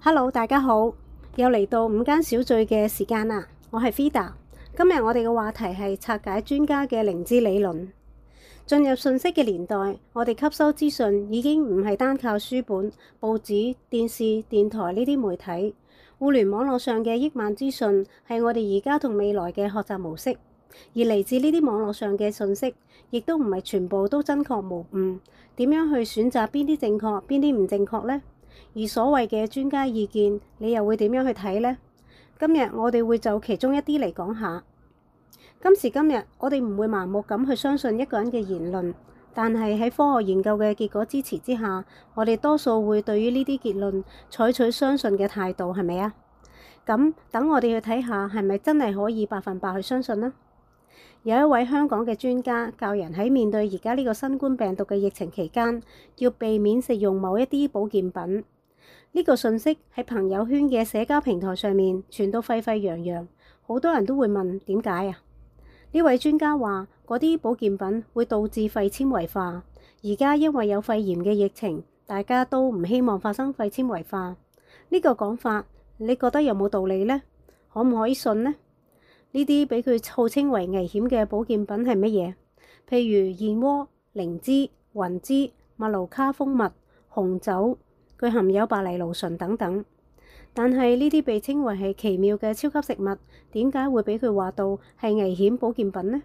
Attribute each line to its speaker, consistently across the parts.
Speaker 1: Hello，大家好，又嚟到五間小聚嘅時間啦！我係 Fida，今日我哋嘅話題係拆解專家嘅靈知理論。進入信息嘅年代，我哋吸收資訊已經唔係單靠書本、報紙、電視、電台呢啲媒體，互聯網絡上嘅億萬資訊係我哋而家同未來嘅學習模式。而嚟自呢啲網絡上嘅信息，亦都唔係全部都真確無誤。點樣去選擇邊啲正確，邊啲唔正確咧？而所謂嘅專家意見，你又會點樣去睇呢？今日我哋會就其中一啲嚟講下。今時今日，我哋唔會盲目咁去相信一個人嘅言論，但係喺科學研究嘅結果支持之下，我哋多數會對於呢啲結論採取相信嘅態度，係咪啊？咁等我哋去睇下係咪真係可以百分百去相信呢？有一位香港嘅專家教人喺面對而家呢個新冠病毒嘅疫情期間，要避免食用某一啲保健品。呢個信息喺朋友圈嘅社交平台上面傳到沸沸揚揚，好多人都會問點解啊？呢位專家話，嗰啲保健品會導致肺纖維化。而家因為有肺炎嘅疫情，大家都唔希望發生肺纖維化。呢個講法你覺得有冇道理呢？可唔可以信呢？呢啲俾佢號稱為危險嘅保健品係乜嘢？譬如燕窩、靈芝、雲芝、麥盧卡蜂蜜、紅酒。佢含有白藜蘆醇等等，但係呢啲被稱為係奇妙嘅超級食物，點解會俾佢話到係危險保健品呢？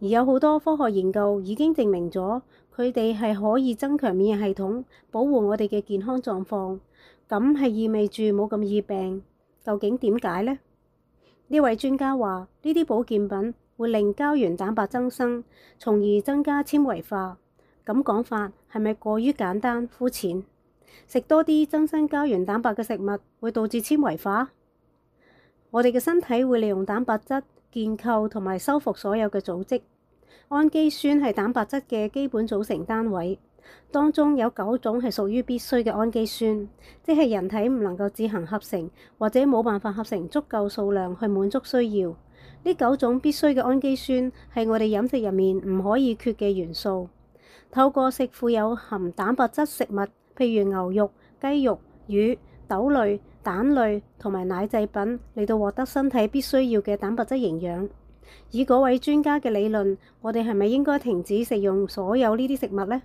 Speaker 1: 而有好多科學研究已經證明咗佢哋係可以增強免疫系統，保護我哋嘅健康狀況，咁係意味住冇咁易病。究竟點解呢？呢位專家話，呢啲保健品會令膠原蛋白增生，從而增加纖維化。咁講法係咪過於簡單膚淺？食多啲增生膠原蛋白嘅食物，會導致纖維化。我哋嘅身體會利用蛋白質建構同埋修復所有嘅組織。氨基酸係蛋白質嘅基本組成單位，當中有九種係屬於必須嘅氨基酸，即係人體唔能夠自行合成或者冇辦法合成足夠數量去滿足需要。呢九種必須嘅氨基酸係我哋飲食入面唔可以缺嘅元素。透過食富有含蛋白質食物，譬如牛肉、雞肉、魚、豆類、蛋類同埋奶製品，嚟到獲得身體必須要嘅蛋白質營養。以嗰位專家嘅理論，我哋係咪應該停止食用所有呢啲食物咧？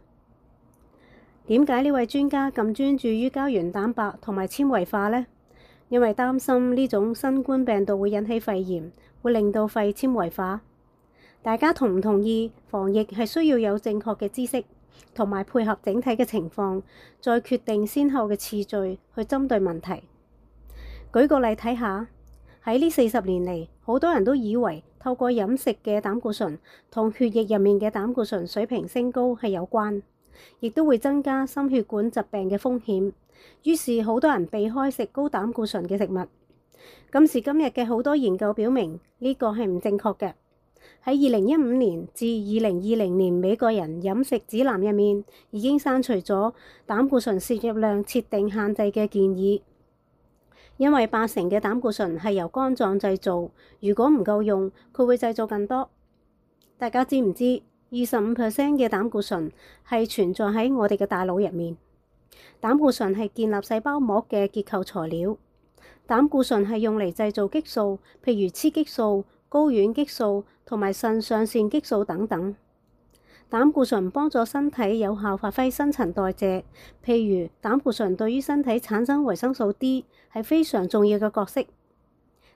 Speaker 1: 點解呢位專家咁專注於膠原蛋白同埋纖維化咧？因為擔心呢種新冠病毒會引起肺炎，會令到肺纖維化。大家同唔同意？防疫係需要有正確嘅知識。同埋配合整體嘅情況，再決定先後嘅次序去針對問題。舉個例睇下，喺呢四十年嚟，好多人都以為透過飲食嘅膽固醇同血液入面嘅膽固醇水平升高係有關，亦都會增加心血管疾病嘅風險。於是好多人避開食高膽固醇嘅食物。今時今日嘅好多研究表明，呢個係唔正確嘅。喺二零一五年至二零二零年，美國人飲食指南入面已經刪除咗膽固醇攝入量設定限制嘅建議，因為八成嘅膽固醇係由肝臟製造，如果唔夠用，佢會製造更多。大家知唔知？二十五 percent 嘅膽固醇係存在喺我哋嘅大腦入面。膽固醇係建立細胞膜嘅結構材料，膽固醇係用嚟製造激素，譬如雌激素。睾丸激素同埋腎上腺激素等等，膽固醇幫助身體有效發揮新陳代謝，譬如膽固醇對於身體產生維生素 D 係非常重要嘅角色。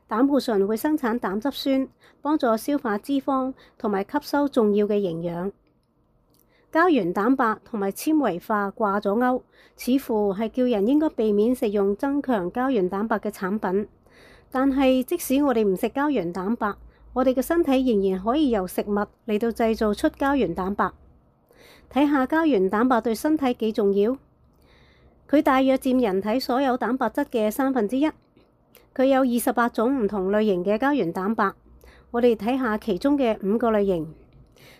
Speaker 1: 膽固醇會生產膽汁酸，幫助消化脂肪同埋吸收重要嘅營養。膠原蛋白同埋纖維化掛咗鈎，似乎係叫人應該避免食用增強膠原蛋白嘅產品。但係即使我哋唔食膠原蛋白。我哋嘅身體仍然可以由食物嚟到製造出膠原蛋白。睇下膠原蛋白對身體幾重要？佢大約佔人體所有蛋白質嘅三分之一。佢有二十八種唔同類型嘅膠原蛋白。我哋睇下其中嘅五個類型。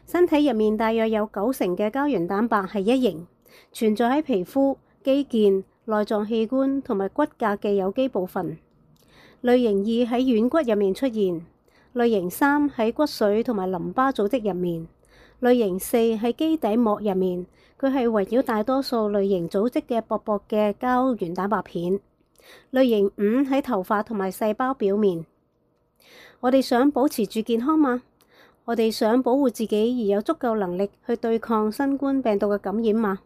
Speaker 1: 身體入面大約有九成嘅膠原蛋白係一型，存在喺皮膚、肌腱、內臟器官同埋骨架嘅有機部分。類型二喺軟骨入面出現。類型三喺骨髓同埋淋巴組織入面，類型四喺基底膜入面，佢係圍繞大多數類型組織嘅薄薄嘅膠原蛋白片。類型五喺頭髮同埋細胞表面。我哋想保持住健康嘛？我哋想保護自己而有足夠能力去對抗新冠病毒嘅感染嘛？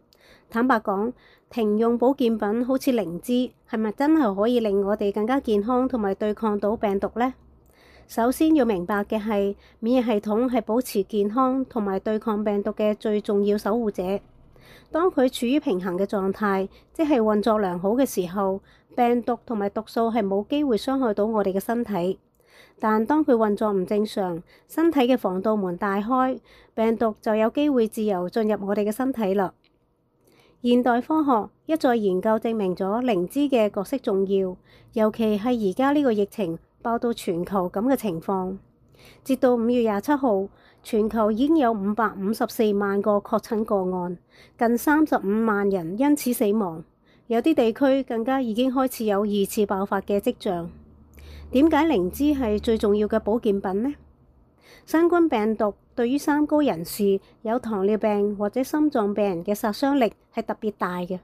Speaker 1: 坦白講，停用保健品好似靈芝，係咪真係可以令我哋更加健康同埋對抗到病毒咧？首先要明白嘅係，免疫系統係保持健康同埋對抗病毒嘅最重要守護者。當佢處於平衡嘅狀態，即係運作良好嘅時候，病毒同埋毒素係冇機會傷害到我哋嘅身體。但當佢運作唔正常，身體嘅防盜門大開，病毒就有機會自由進入我哋嘅身體啦。現代科學一再研究證明咗靈芝嘅角色重要，尤其係而家呢個疫情。爆到全球咁嘅情況，截至五月廿七號，全球已經有五百五十四萬個確診個案，近三十五萬人因此死亡。有啲地區更加已經開始有二次爆發嘅跡象。點解靈芝係最重要嘅保健品呢？新冠病毒對於三高人士、有糖尿病或者心臟病人嘅殺傷力係特別大嘅。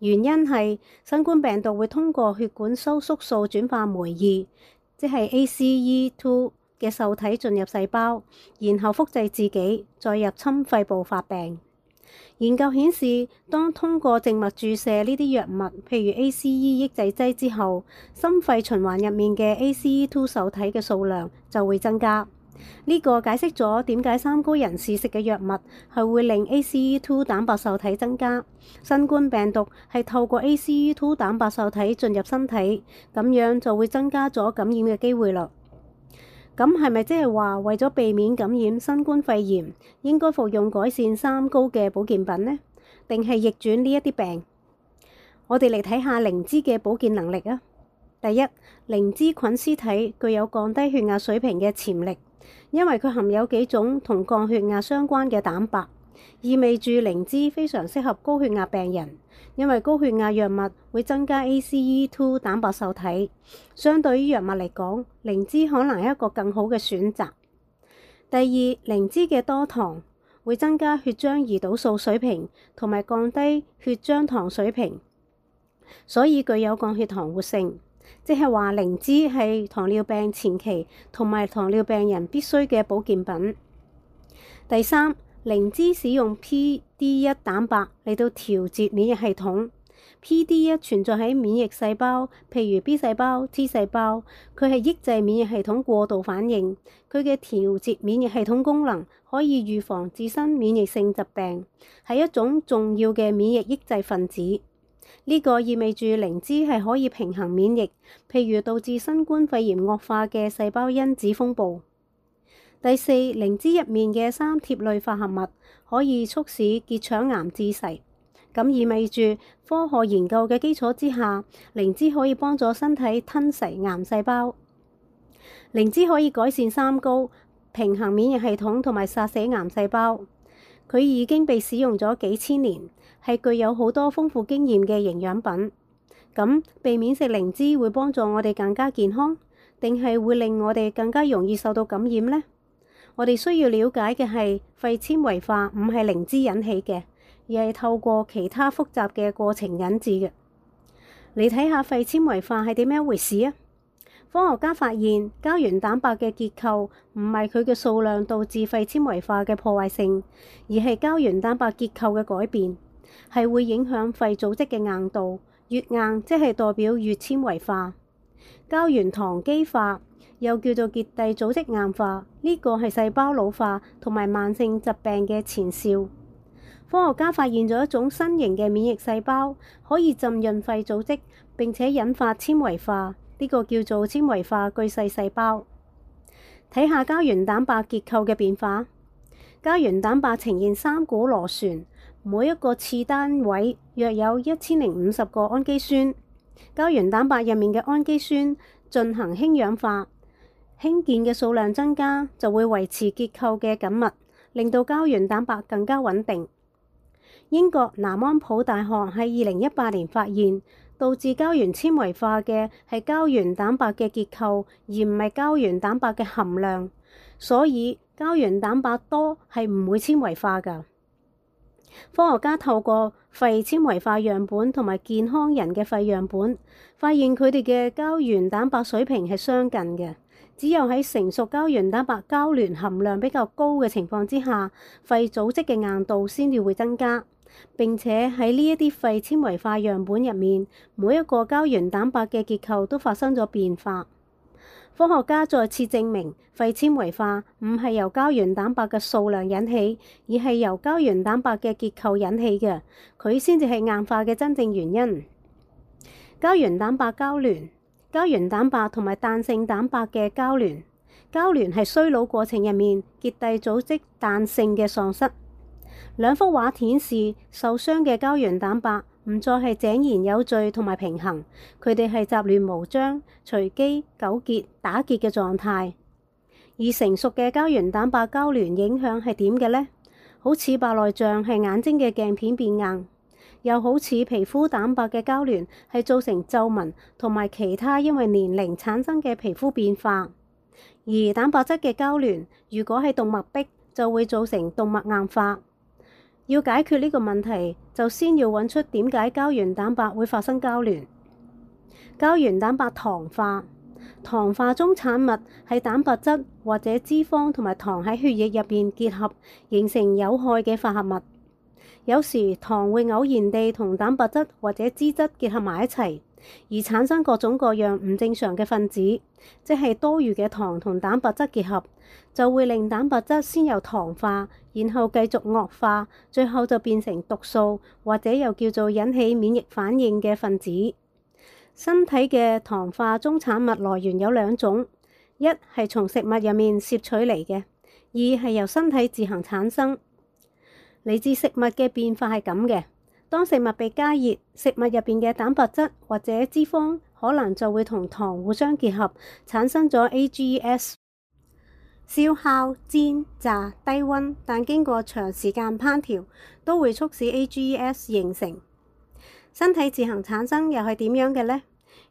Speaker 1: 原因係新冠病毒會通過血管收縮素轉化酶二。即係 ACE2 嘅受體進入細胞，然後複製自己，再入侵肺部發病。研究顯示，當通過靜脈注射呢啲藥物，譬如 ACE 抑制劑之後，心肺循環入面嘅 ACE2 受體嘅數量就會增加。呢個解釋咗點解三高人士食嘅藥物係會令 ACE two 蛋白受體增加，新冠病毒係透過 ACE two 蛋白受體進入身體，咁樣就會增加咗感染嘅機會咯，咁係咪即係話為咗避免感染新冠肺炎，應該服用改善三高嘅保健品呢？定係逆轉呢一啲病？我哋嚟睇下靈芝嘅保健能力啊！第一，靈芝菌絲體具有降低血壓水平嘅潛力。因為佢含有幾種同降血壓相關嘅蛋白，意味住靈芝非常適合高血壓病人。因為高血壓藥物會增加 ACE two 蛋白受體，相對於藥物嚟講，靈芝可能係一個更好嘅選擇。第二，靈芝嘅多糖會增加血漿胰島素水平，同埋降低血漿糖水平，所以具有降血糖活性。即係話靈芝係糖尿病前期同埋糖尿病人必須嘅保健品。第三，靈芝使用 PD-1 蛋白嚟到調節免疫系統。PD-1 存在喺免疫細胞，譬如 B 細胞、T 細胞，佢係抑制免疫系統過度反應。佢嘅調節免疫系統功能可以預防自身免疫性疾病，係一種重要嘅免疫抑制分子。呢個意味住靈芝係可以平衡免疫，譬如導致新冠肺炎惡化嘅細胞因子風暴。第四，靈芝入面嘅三萜類化合物可以促使結腸癌自噬。咁意味住科學研究嘅基礎之下，靈芝可以幫助身體吞噬癌細胞。靈芝可以改善三高，平衡免疫系統同埋殺死癌細胞。佢已經被使用咗幾千年。係具有好多豐富經驗嘅營養品，咁避免食靈芝會幫助我哋更加健康，定係會令我哋更加容易受到感染呢？我哋需要了解嘅係肺纖維化唔係靈芝引起嘅，而係透過其他複雜嘅過程引致嘅。你睇下肺纖維化係點樣回事啊？科學家發現膠原蛋白嘅結構唔係佢嘅數量導致肺纖維化嘅破壞性，而係膠原蛋白結構嘅改變。係會影響肺組織嘅硬度，越硬即係代表越纖維化、膠原糖基化，又叫做結締組織硬化。呢個係細胞老化同埋慢性疾病嘅前兆。科學家發現咗一種新型嘅免疫細胞，可以浸潤肺組織，並且引發纖維化。呢個叫做纖維化巨細細胞。睇下膠原蛋白結構嘅變化，膠原蛋白呈現三股螺旋。每一個次單位約有一千零五十個氨基酸。膠原蛋白入面嘅氨基酸進行氫氧化，氫鍵嘅數量增加就會維持結構嘅緊密，令到膠原蛋白更加穩定。英國南安普大學喺二零一八年發現，導致膠原纖維化嘅係膠原蛋白嘅結構，而唔係膠原蛋白嘅含量。所以膠原蛋白多係唔會纖維化㗎。科學家透過肺纖維化樣本同埋健康人嘅肺樣本，發現佢哋嘅膠原蛋白水平係相近嘅。只有喺成熟膠原蛋白交聯含量比較高嘅情況之下，肺組織嘅硬度先至會增加，並且喺呢一啲肺纖維化樣本入面，每一個膠原蛋白嘅結構都發生咗變化。科學家再次證明，肺纖維化唔係由膠原蛋白嘅數量引起，而係由膠原蛋白嘅結構引起嘅，佢先至係硬化嘅真正原因。膠原蛋白交聯，膠原蛋白同埋彈性蛋白嘅交聯，交聯係衰老過程入面結締組織彈性嘅喪失。兩幅畫顯示受傷嘅膠原蛋白。唔再係井然有序同埋平衡，佢哋係雜亂無章、隨機、糾結、打結嘅狀態。而成熟嘅膠原蛋白交聯影響係點嘅呢？好似白內障係眼睛嘅鏡片變硬，又好似皮膚蛋白嘅交聯係造成皺紋同埋其他因為年齡產生嘅皮膚變化。而蛋白質嘅交聯，如果係動脈壁，就會造成動脈硬化。要解決呢個問題，就先要揾出點解膠原蛋白會發生交聯。膠原蛋白糖化，糖化中產物係蛋白質或者脂肪同埋糖喺血液入邊結合，形成有害嘅化合物。有時糖會偶然地同蛋白質或者脂質結合埋一齊，而產生各種各樣唔正常嘅分子，即係多餘嘅糖同蛋白質結合，就會令蛋白質先有糖化。然後繼續惡化，最後就變成毒素，或者又叫做引起免疫反應嘅分子。身體嘅糖化終產物來源有兩種，一係從食物入面攝取嚟嘅，二係由身體自行產生。來自食物嘅變化係咁嘅，當食物被加熱，食物入邊嘅蛋白質或者脂肪可能就會同糖互相結合，產生咗 AGEs。燒烤、煎、炸、低溫，但經過長時間烹調，都會促使 AGES 形成。身體自行產生又係點樣嘅呢？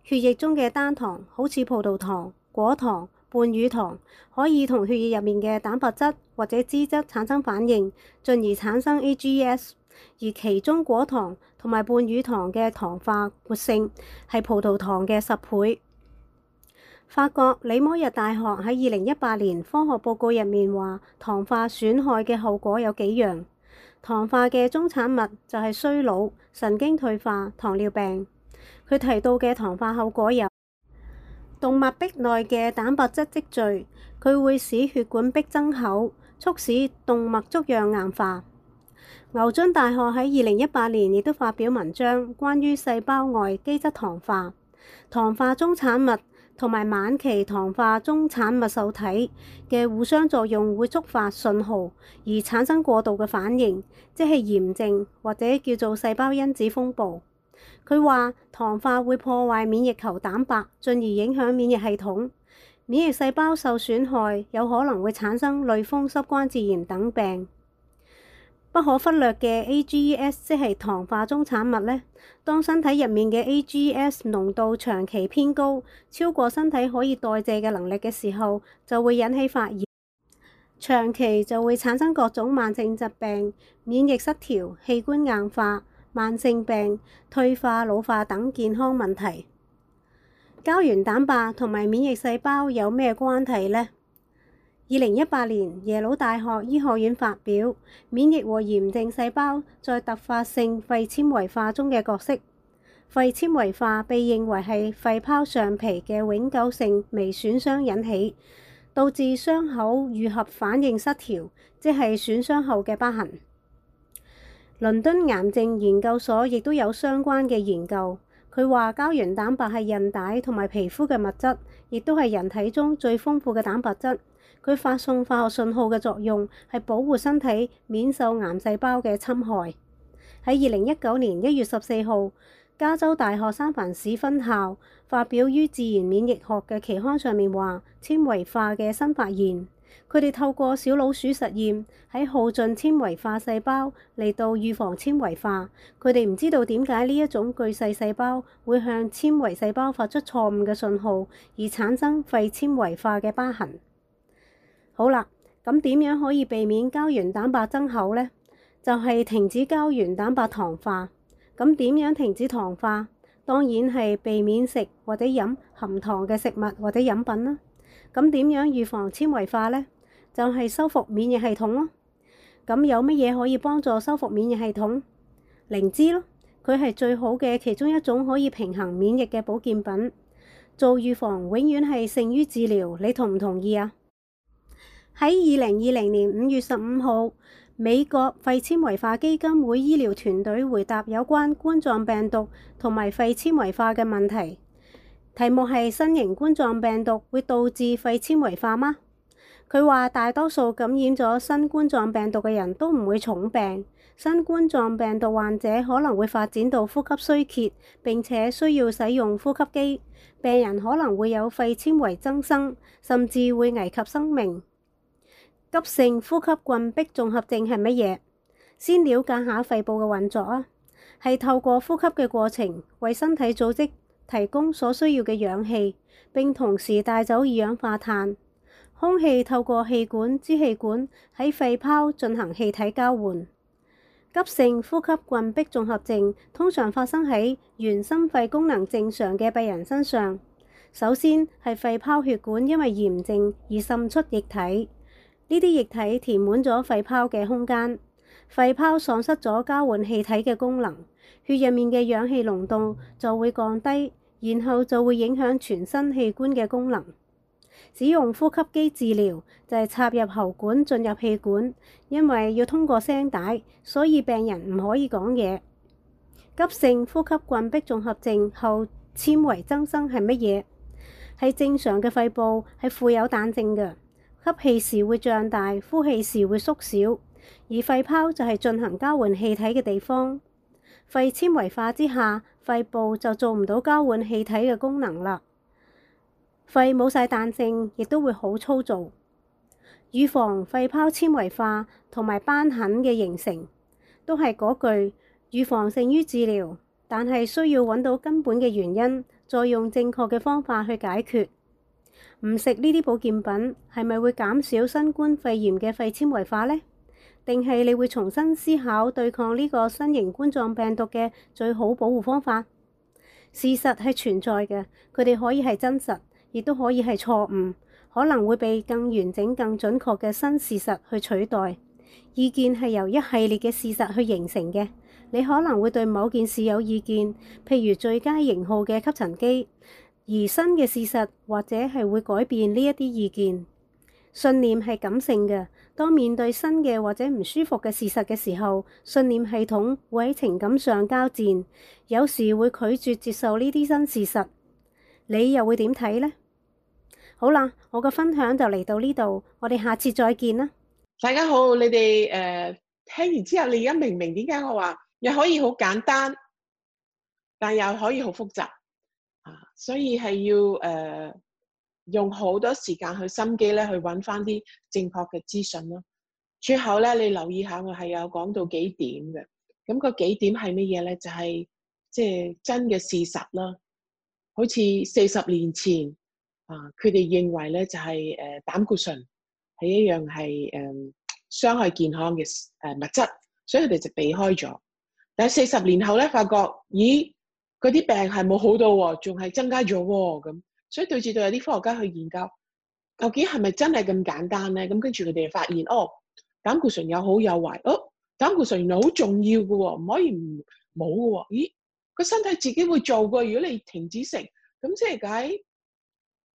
Speaker 1: 血液中嘅單糖，好似葡萄糖、果糖、半乳糖，可以同血液入面嘅蛋白質或者脂質產生反應，進而產生 AGES。而其中果糖同埋半乳糖嘅糖化活性，係葡萄糖嘅十倍。法國理摩日大學喺二零一八年科學報告入面話糖化損害嘅後果有幾樣，糖化嘅終產物就係衰老、神經退化、糖尿病。佢提到嘅糖化後果有動脈壁內嘅蛋白質積聚，佢會使血管壁增厚，促使動脈粥樣硬化。牛津大學喺二零一八年亦都發表文章關於細胞外基質糖化，糖化終產物。同埋晚期糖化終產物受體嘅互相作用會觸發信號，而產生過度嘅反應，即係炎症，或者叫做細胞因子風暴。佢話糖化會破壞免疫球蛋白，進而影響免疫系統。免疫細胞受損害，有可能會產生類風濕關節炎等病。不可忽略嘅 AGEs 即係糖化終產物呢，當身體入面嘅 AGEs 濃度長期偏高，超過身體可以代謝嘅能力嘅時候，就會引起發炎，長期就會產生各種慢性疾病、免疫失調、器官硬化、慢性病、退化、老化等健康問題。膠原蛋白同埋免疫細胞有咩關係呢？二零一八年耶魯大學醫學院發表免疫和炎症細胞在突發性肺纖維化中嘅角色。肺纖維化被認為係肺泡上皮嘅永久性微損傷引起，導致傷口愈合反應失調，即係損傷後嘅疤痕。倫敦癌症研究所亦都有相關嘅研究。佢話膠原蛋白係韌帶同埋皮膚嘅物質，亦都係人體中最豐富嘅蛋白質。佢發送化學信號嘅作用係保護身體免受癌細胞嘅侵害。喺二零一九年一月十四號，加州大學三藩市分校發表於《自然免疫學》嘅期刊上面話，纖維化嘅新發現。佢哋透過小老鼠實驗，喺耗盡纖維化細胞嚟到預防纖維化。佢哋唔知道點解呢一種巨細細胞會向纖維細胞發出錯誤嘅信號，而產生肺纖維化嘅疤痕。好啦，咁點樣可以避免膠原蛋白增厚咧？就係停止膠原蛋白糖化。咁點樣停止糖化？當然係避免食或者飲含糖嘅食物或者飲品啦。咁點樣預防纖維化咧？就係修復免疫系統咯。咁有乜嘢可以幫助修復免疫系統？靈芝咯，佢係最好嘅其中一種可以平衡免疫嘅保健品。做預防永遠係勝於治療，你同唔同意啊？喺二零二零年五月十五號，美國肺纖維化基金會醫療團隊回答有關冠狀病毒同埋肺纖維化嘅問題，題目係：新型冠狀病毒會導致肺纖維化嗎？佢話大多數感染咗新冠狀病毒嘅人都唔會重病，新冠狀病毒患者可能會發展到呼吸衰竭，並且需要使用呼吸機。病人可能會有肺纖維增生，甚至會危及生命。急性呼吸窘迫綜合症係乜嘢？先了解下肺部嘅運作啊，係透過呼吸嘅過程，為身體組織提供所需要嘅氧氣，並同時帶走二氧化碳。空氣透過氣管、支氣管喺肺泡進行氣體交換。急性呼吸窘迫綜合症通常發生喺原心肺功能正常嘅病人身上。首先係肺泡血管因為炎症而滲出液體。呢啲液體填滿咗肺泡嘅空間，肺泡喪失咗交換氣體嘅功能，血入面嘅氧氣濃度就會降低，然後就會影響全身器官嘅功能。使用呼吸機治療就係插入喉管進入氣管，因為要通過聲帶，所以病人唔可以講嘢。急性呼吸窘迫綜合症後纖維增生係乜嘢？係正常嘅肺部係富有彈性嘅。吸氣時會脹大，呼氣時會縮小，而肺泡就係進行交換氣體嘅地方。肺纖維化之下，肺部就做唔到交換氣體嘅功能啦。肺冇晒彈性，亦都會好粗糙。預防肺泡纖維化同埋斑痕嘅形成，都係嗰句預防勝於治療，但係需要揾到根本嘅原因，再用正確嘅方法去解決。唔食呢啲保健品，係咪會減少新冠肺炎嘅肺纖維化呢？定係你會重新思考對抗呢個新型冠狀病毒嘅最好保護方法？事實係存在嘅，佢哋可以係真實，亦都可以係錯誤，可能會被更完整、更準確嘅新事實去取代。意見係由一系列嘅事實去形成嘅。你可能會對某件事有意見，譬如最佳型號嘅吸塵機。而新嘅事實或者係會改變呢一啲意見。信念係感性嘅，當面對新嘅或者唔舒服嘅事實嘅時候，信念系統會喺情感上交戰，有時會拒絕接受呢啲新事實。你又會點睇呢？好啦，我嘅分享就嚟到呢度，我哋下次再見啦。大家好，你哋誒，聽完之後你而家明唔明點解我話又可以好簡單，
Speaker 2: 但又可以好複雜？所以係要誒、呃、用好多時間去心機咧，去揾翻啲正確嘅資訊咯。最後咧，你留意下我係有講到幾點嘅。咁個幾點係乜嘢咧？就係即係真嘅事實啦。好似四十年前啊，佢、呃、哋認為咧就係、是、誒、呃、膽固醇係一樣係誒傷害健康嘅誒、呃、物質，所以佢哋就避開咗。但係四十年後咧，發覺咦～嗰啲病係冇好到喎，仲係增加咗喎，咁，所以對住對有啲科學家去研究，究竟係咪真係咁簡單咧？咁跟住佢哋就發現，哦，膽固醇有好有壞，哦，膽固醇原來好重要㗎喎、哦，唔可以唔冇㗎喎，咦，個身體自己會做過，如果你停止食，咁即係解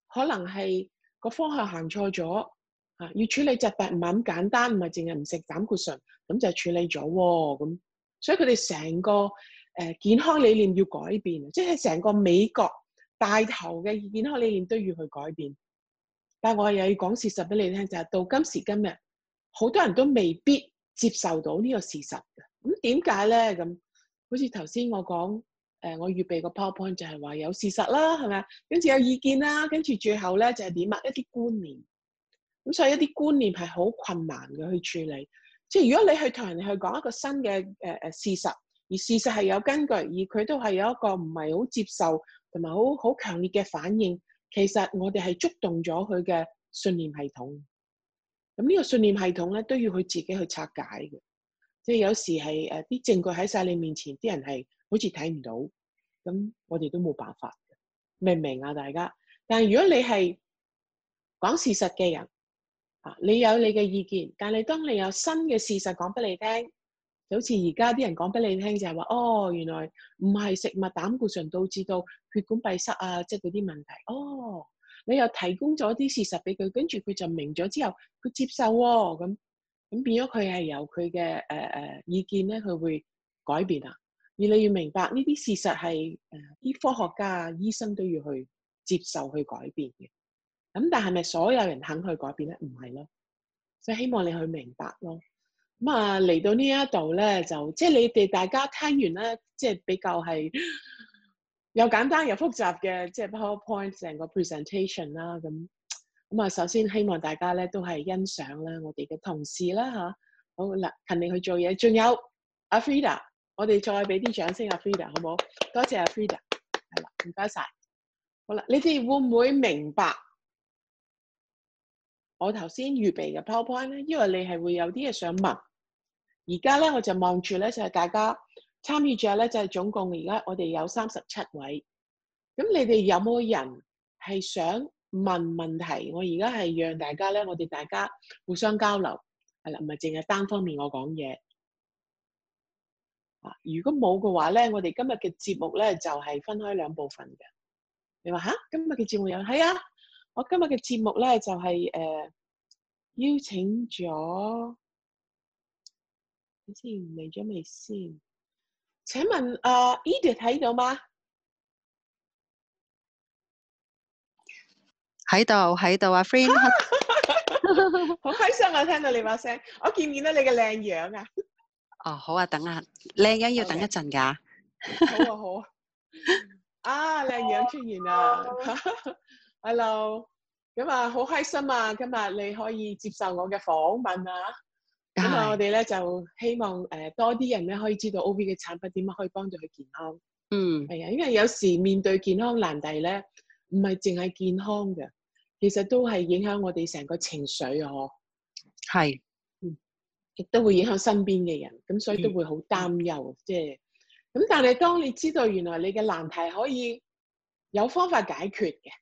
Speaker 2: 可能係個方向行錯咗，啊，要處理疾病唔係咁簡單，唔係淨係唔食膽固醇，咁就處理咗喎、哦，咁，所以佢哋成個。誒健康理念要改變，即係成個美國大頭嘅健康理念都要去改變。但係我又要講事實俾你聽，就係到今時今日，好多人都未必接受到呢個事實嘅。咁點解咧？咁好似頭先我講，誒我預備個 PowerPoint 就係話有事實啦，係咪？跟住有意見啦，跟住最後咧就係點呀一啲觀念。咁所以一啲觀念係好困難嘅去處理。即係如果你去同人去講一個新嘅誒誒事實。而事實係有根據，而佢都係有一個唔係好接受同埋好好強烈嘅反應。其實我哋係觸動咗佢嘅信念系統。咁、嗯、呢、呢個信念系統咧，都要佢自己去拆解嘅。即係有時係誒啲證據喺晒你面前，啲人係好似睇唔到，咁、嗯、我哋都冇辦法。明唔明啊，大家？但係如果你係講事實嘅人，啊，你有你嘅意見，但係當你有新嘅事實講俾你聽。就好似而家啲人講俾你聽就係話哦原來唔係食物膽固醇導致到血管閉塞啊即係嗰啲問題哦你又提供咗啲事實俾佢，跟住佢就明咗之後佢接受喎咁咁變咗佢係由佢嘅誒誒意見咧佢會改變啊。而你要明白呢啲事實係誒啲科學家啊醫生都要去接受去改變嘅咁但係咪所有人肯去改變咧唔係咯所以希望你去明白咯。咁啊，嚟到呢一度咧，就即係你哋大家聽完咧，即係比較係又簡單又複雜嘅，即係 PowerPoint 成個 presentation 啦。咁咁啊，首先希望大家咧都係欣賞啦，我哋嘅同事啦吓好啦，勤力去做嘢，仲有阿 Frida，我哋再俾啲掌聲阿 Frida，好唔好？多謝阿、啊、Frida，係啦，唔該晒。好啦，你哋會唔會明白？我頭先預備嘅 PowerPoint 咧，因為你係會有啲嘢想問，而家咧我就望住咧就係、是、大家參與住咧就係、是、總共而家我哋有三十七位，咁你哋有冇人係想問問題？我而家係讓大家咧，我哋大家互相交流，係啦，唔係淨係單方面我講嘢。啊，如果冇嘅話咧，我哋今日嘅節目咧就係、是、分開兩部分嘅。你話吓？今日嘅節目有係啊？我今日嘅節目咧就係、是、誒、呃、邀請咗，好似嚟咗未先？請問阿、呃、Edith 喺度嗎？喺度
Speaker 3: 喺度啊 friend
Speaker 2: 好開心啊！聽到你把聲，我見唔見到你嘅靚樣啊！
Speaker 3: 哦好啊，等啊，靚樣要等一陣噶、 啊。
Speaker 2: 好啊好啊！好啊靚樣出現啊！ Hello，咁啊，好開心啊！今日你可以接受我嘅訪問啊！咁啊當然，我哋咧就希望誒、呃、多啲人咧可以知道 OV 嘅產品點樣可以幫助佢健康。嗯，係啊，因為有時面對健康難題咧，唔係淨係健康嘅，其實都係影響我哋成個情緒哦。係，亦是、嗯、都會影響身邊嘅人，咁所以都會好擔憂。即係、嗯，咁、即係、但係當你知道原來你嘅難題可以有方法解決嘅。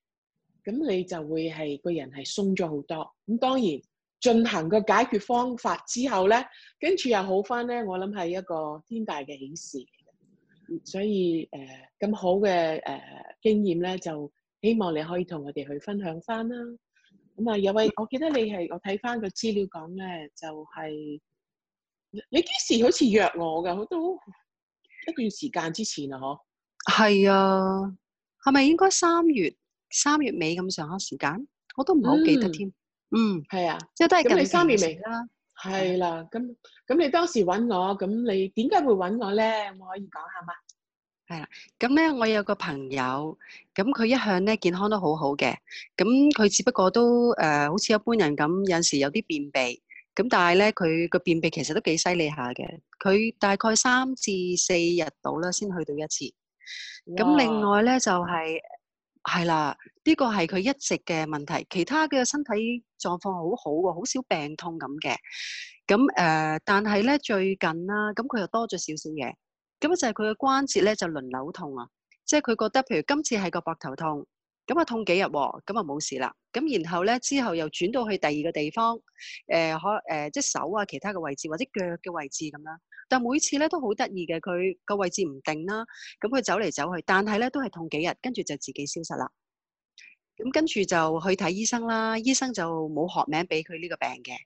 Speaker 2: 咁你就會係個人係鬆咗好多，咁當然進行個解決方法之後咧，跟住又好翻咧。我諗係一個天大嘅喜事，所以誒咁、呃、好嘅誒、呃、經驗咧，就希望你可以同我哋去分享翻啦。咁啊，有位我記得你係我睇翻個資料講咧，就係、係、你幾時好似約我嘅？好，都一段時間之前啊，
Speaker 3: 嗬。係啊，係咪應該三月？三月尾咁上下時間，我都唔
Speaker 2: 好記得
Speaker 4: 添。嗯，係、嗯、
Speaker 2: 啊，即係都係近啲時間。咁你三月尾啦，係啦、啊。咁、咁、啊、你當時揾我，咁你點解會揾我咧？我可以講下嘛。係啦、啊。
Speaker 3: 咁咧，我有個朋友，咁佢一向咧健康都好好嘅。咁佢只不過都誒、呃，好似一般人咁，有陣時有啲便秘。咁但係咧，佢個便秘其實都幾犀利下嘅。佢大概三至四日到啦，先去到一次。
Speaker 2: 咁哇另
Speaker 3: 外咧就係、是。係啦，呢、這個係佢一直嘅問題，其他嘅身體狀況好好、喎，好少病痛咁嘅。咁誒、呃，但係咧最近啦，咁、嗯、佢又多咗少少嘢。咁就係佢嘅關節咧，就輪流痛啊。即係佢覺得，譬如今次係個膊頭痛。咁啊痛幾日，咁啊冇事啦。咁然後咧之後又轉到去第二個地方，誒可誒即係手啊其他嘅位置或者腳嘅位置咁啦。但係每次咧都好得意嘅，佢個位置唔定啦。咁佢走嚟走去，但係咧都係痛幾日，跟住就自己消失啦。咁跟住就去睇醫生啦，醫生就冇學名俾佢呢個病嘅。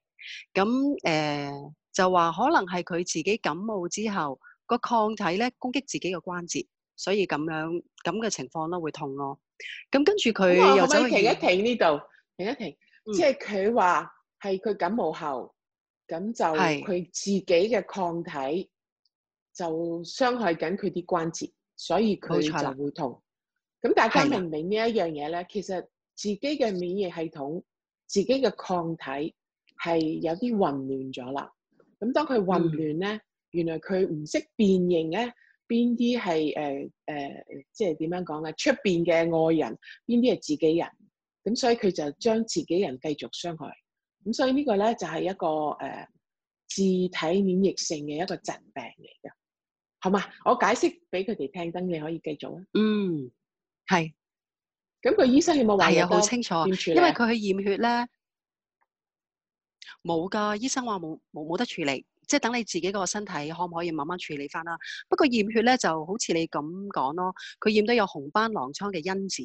Speaker 3: 咁誒、呃、就話可能係佢自己感冒之後個抗體咧攻擊自己嘅關節。所以
Speaker 2: 咁樣咁嘅情況咯，會痛咯、啊。咁跟住佢又走停一停呢度，停一停。嗯、即係佢話係佢感冒後，咁就佢自己嘅抗體就傷害緊佢啲關節，所以佢就會痛。咁大家明唔明呢一樣嘢咧？的其實自己嘅免疫系統、自己嘅抗體係有啲混亂咗啦。咁當佢混亂咧，嗯、原來佢唔識變形咧。邊啲係誒誒，即係點樣講啊？出邊嘅外人，邊啲係自己人？咁所以佢就將自己人繼續傷害。咁所以個呢個咧就係、是、一個誒、呃、自體免疫性嘅一個疾病嚟㗎。好嘛，我解釋俾佢哋聽，等你可以繼續啊。嗯，
Speaker 3: 係。
Speaker 2: 咁個醫生有冇話？係好清楚。點處理？因為佢
Speaker 3: 去驗血咧，冇噶，醫生話冇冇冇得處理。即係等你自己個身體可唔可以慢慢處理翻啦？不過驗血咧就好似你咁講咯，佢驗到有紅斑狼瘡嘅因子，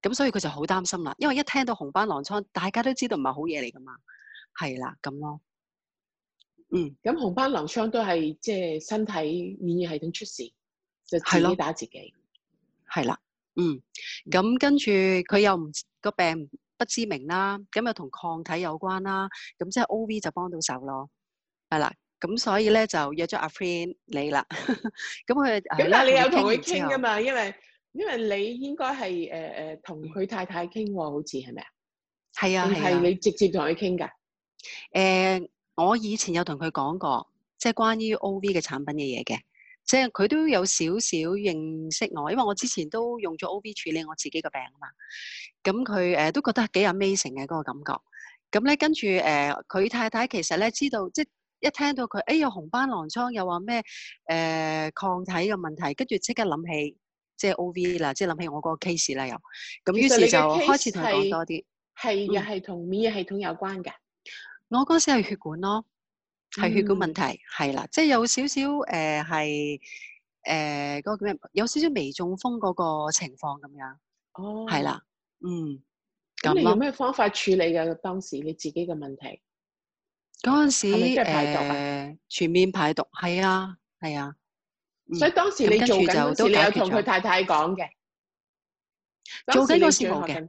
Speaker 3: 咁所以佢就好擔心啦。因為一聽到紅斑
Speaker 2: 狼瘡，大家都知道唔係好嘢嚟噶嘛，係啦咁咯。嗯，咁紅斑狼瘡都係即係身體免疫系統出事，就自己打自己，係啦。嗯，咁跟住佢又唔個病不知
Speaker 3: 名啦，咁又同抗體有關啦，咁即係 OV 就幫到手咯。係啦，咁所以咧就約咗阿 friend 你啦。咁佢咁但，是 但你有同佢傾噶
Speaker 2: 嘛因為因為你應該係誒誒同佢太太傾喎，好似係咪啊？
Speaker 3: 係啊，係你
Speaker 2: 直接同佢傾噶？誒、呃，
Speaker 3: 我以前有同佢講過，即係關於 O V 嘅產品嘅嘢嘅，即係佢都有少少認識我，因為我之前都用咗 O V 處理我自己個病啊嘛。咁佢誒都覺得幾有 amazing 嘅嗰個感覺。咁咧跟住誒，佢、呃呃、太太，太其實咧知道即係。就是一聽到佢，哎呀紅斑狼瘡又話咩？誒、呃、抗體嘅問題，跟住即刻諗起即係 O.V. 啦，即係諗起我個 case 啦，又咁於是就開始同我講多
Speaker 2: 啲，係、嗯、又係同免疫系統有關嘅。
Speaker 3: 我嗰時係血管咯，
Speaker 2: 係血管
Speaker 3: 問題，係、嗯、啦，即係有少少誒係誒嗰個叫咩？有少少微中
Speaker 2: 風嗰個情況咁樣。
Speaker 3: 哦，係啦，嗯。咁、嗯嗯嗯、你有咩
Speaker 2: 方法處理嘅當時你自己嘅問題？
Speaker 3: 嗰陣時誒、呃、全面排毒係啊係啊，啊嗯、所以當時你做就嗰你有同佢太
Speaker 2: 太講嘅，了做緊嗰事冇嘅，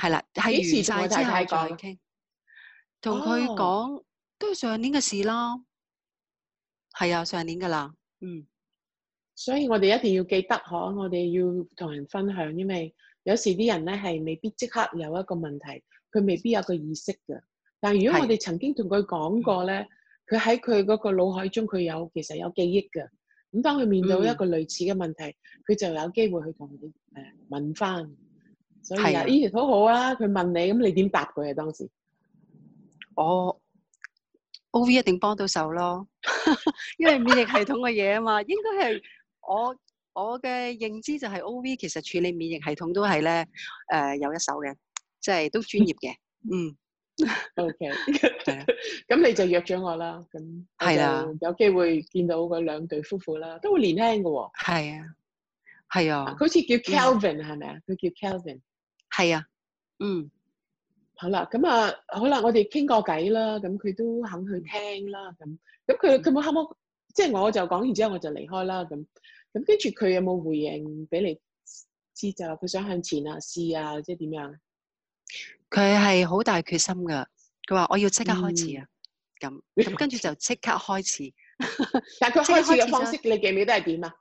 Speaker 3: 係啦，係完晒太太再傾，同佢講都係上年嘅事
Speaker 2: 咯，係啊上年噶啦，嗯，所以我哋一定要記得嗬，我哋要同人分享，因為有時啲人咧係未必即刻有一個問題，佢未必有個意識嘅。但係如果我哋曾經同佢講過咧，佢喺佢嗰個腦海中佢有其實有記憶嘅，咁當佢面對一個類似嘅問題，佢、嗯、就有機會去同你誒問翻。所以啊，依然好好啊，佢問你，咁你點答佢啊？當時，我 O V 一定幫到
Speaker 3: 手咯， 因為免疫系統嘅嘢啊嘛，應該係我我嘅認知就係 O V 其實處理免疫系統都係咧誒有一手嘅，即係
Speaker 2: 都專業嘅，嗯。O K，咁你就約咗我啦，咁啊，有機會見到嗰兩對夫婦啦，都會年輕噶喎。係啊，係啊，好似叫 Kelvin 係咪啊、嗯？佢叫 Kelvin。係啊，嗯，好啦，咁啊，好啦，我哋傾個偈啦，咁佢都肯去聽啦，咁，咁佢佢冇喊我，即係我就講完之後我就離開啦，咁，咁跟住佢有冇回應俾你知就話佢想向前啊，試啊，即係點樣？
Speaker 3: 佢係好大決心噶，佢話我要即刻開始啊，咁咁跟住就即刻開始。 但係佢開始嘅方式，
Speaker 2: 你記唔記得係點啊？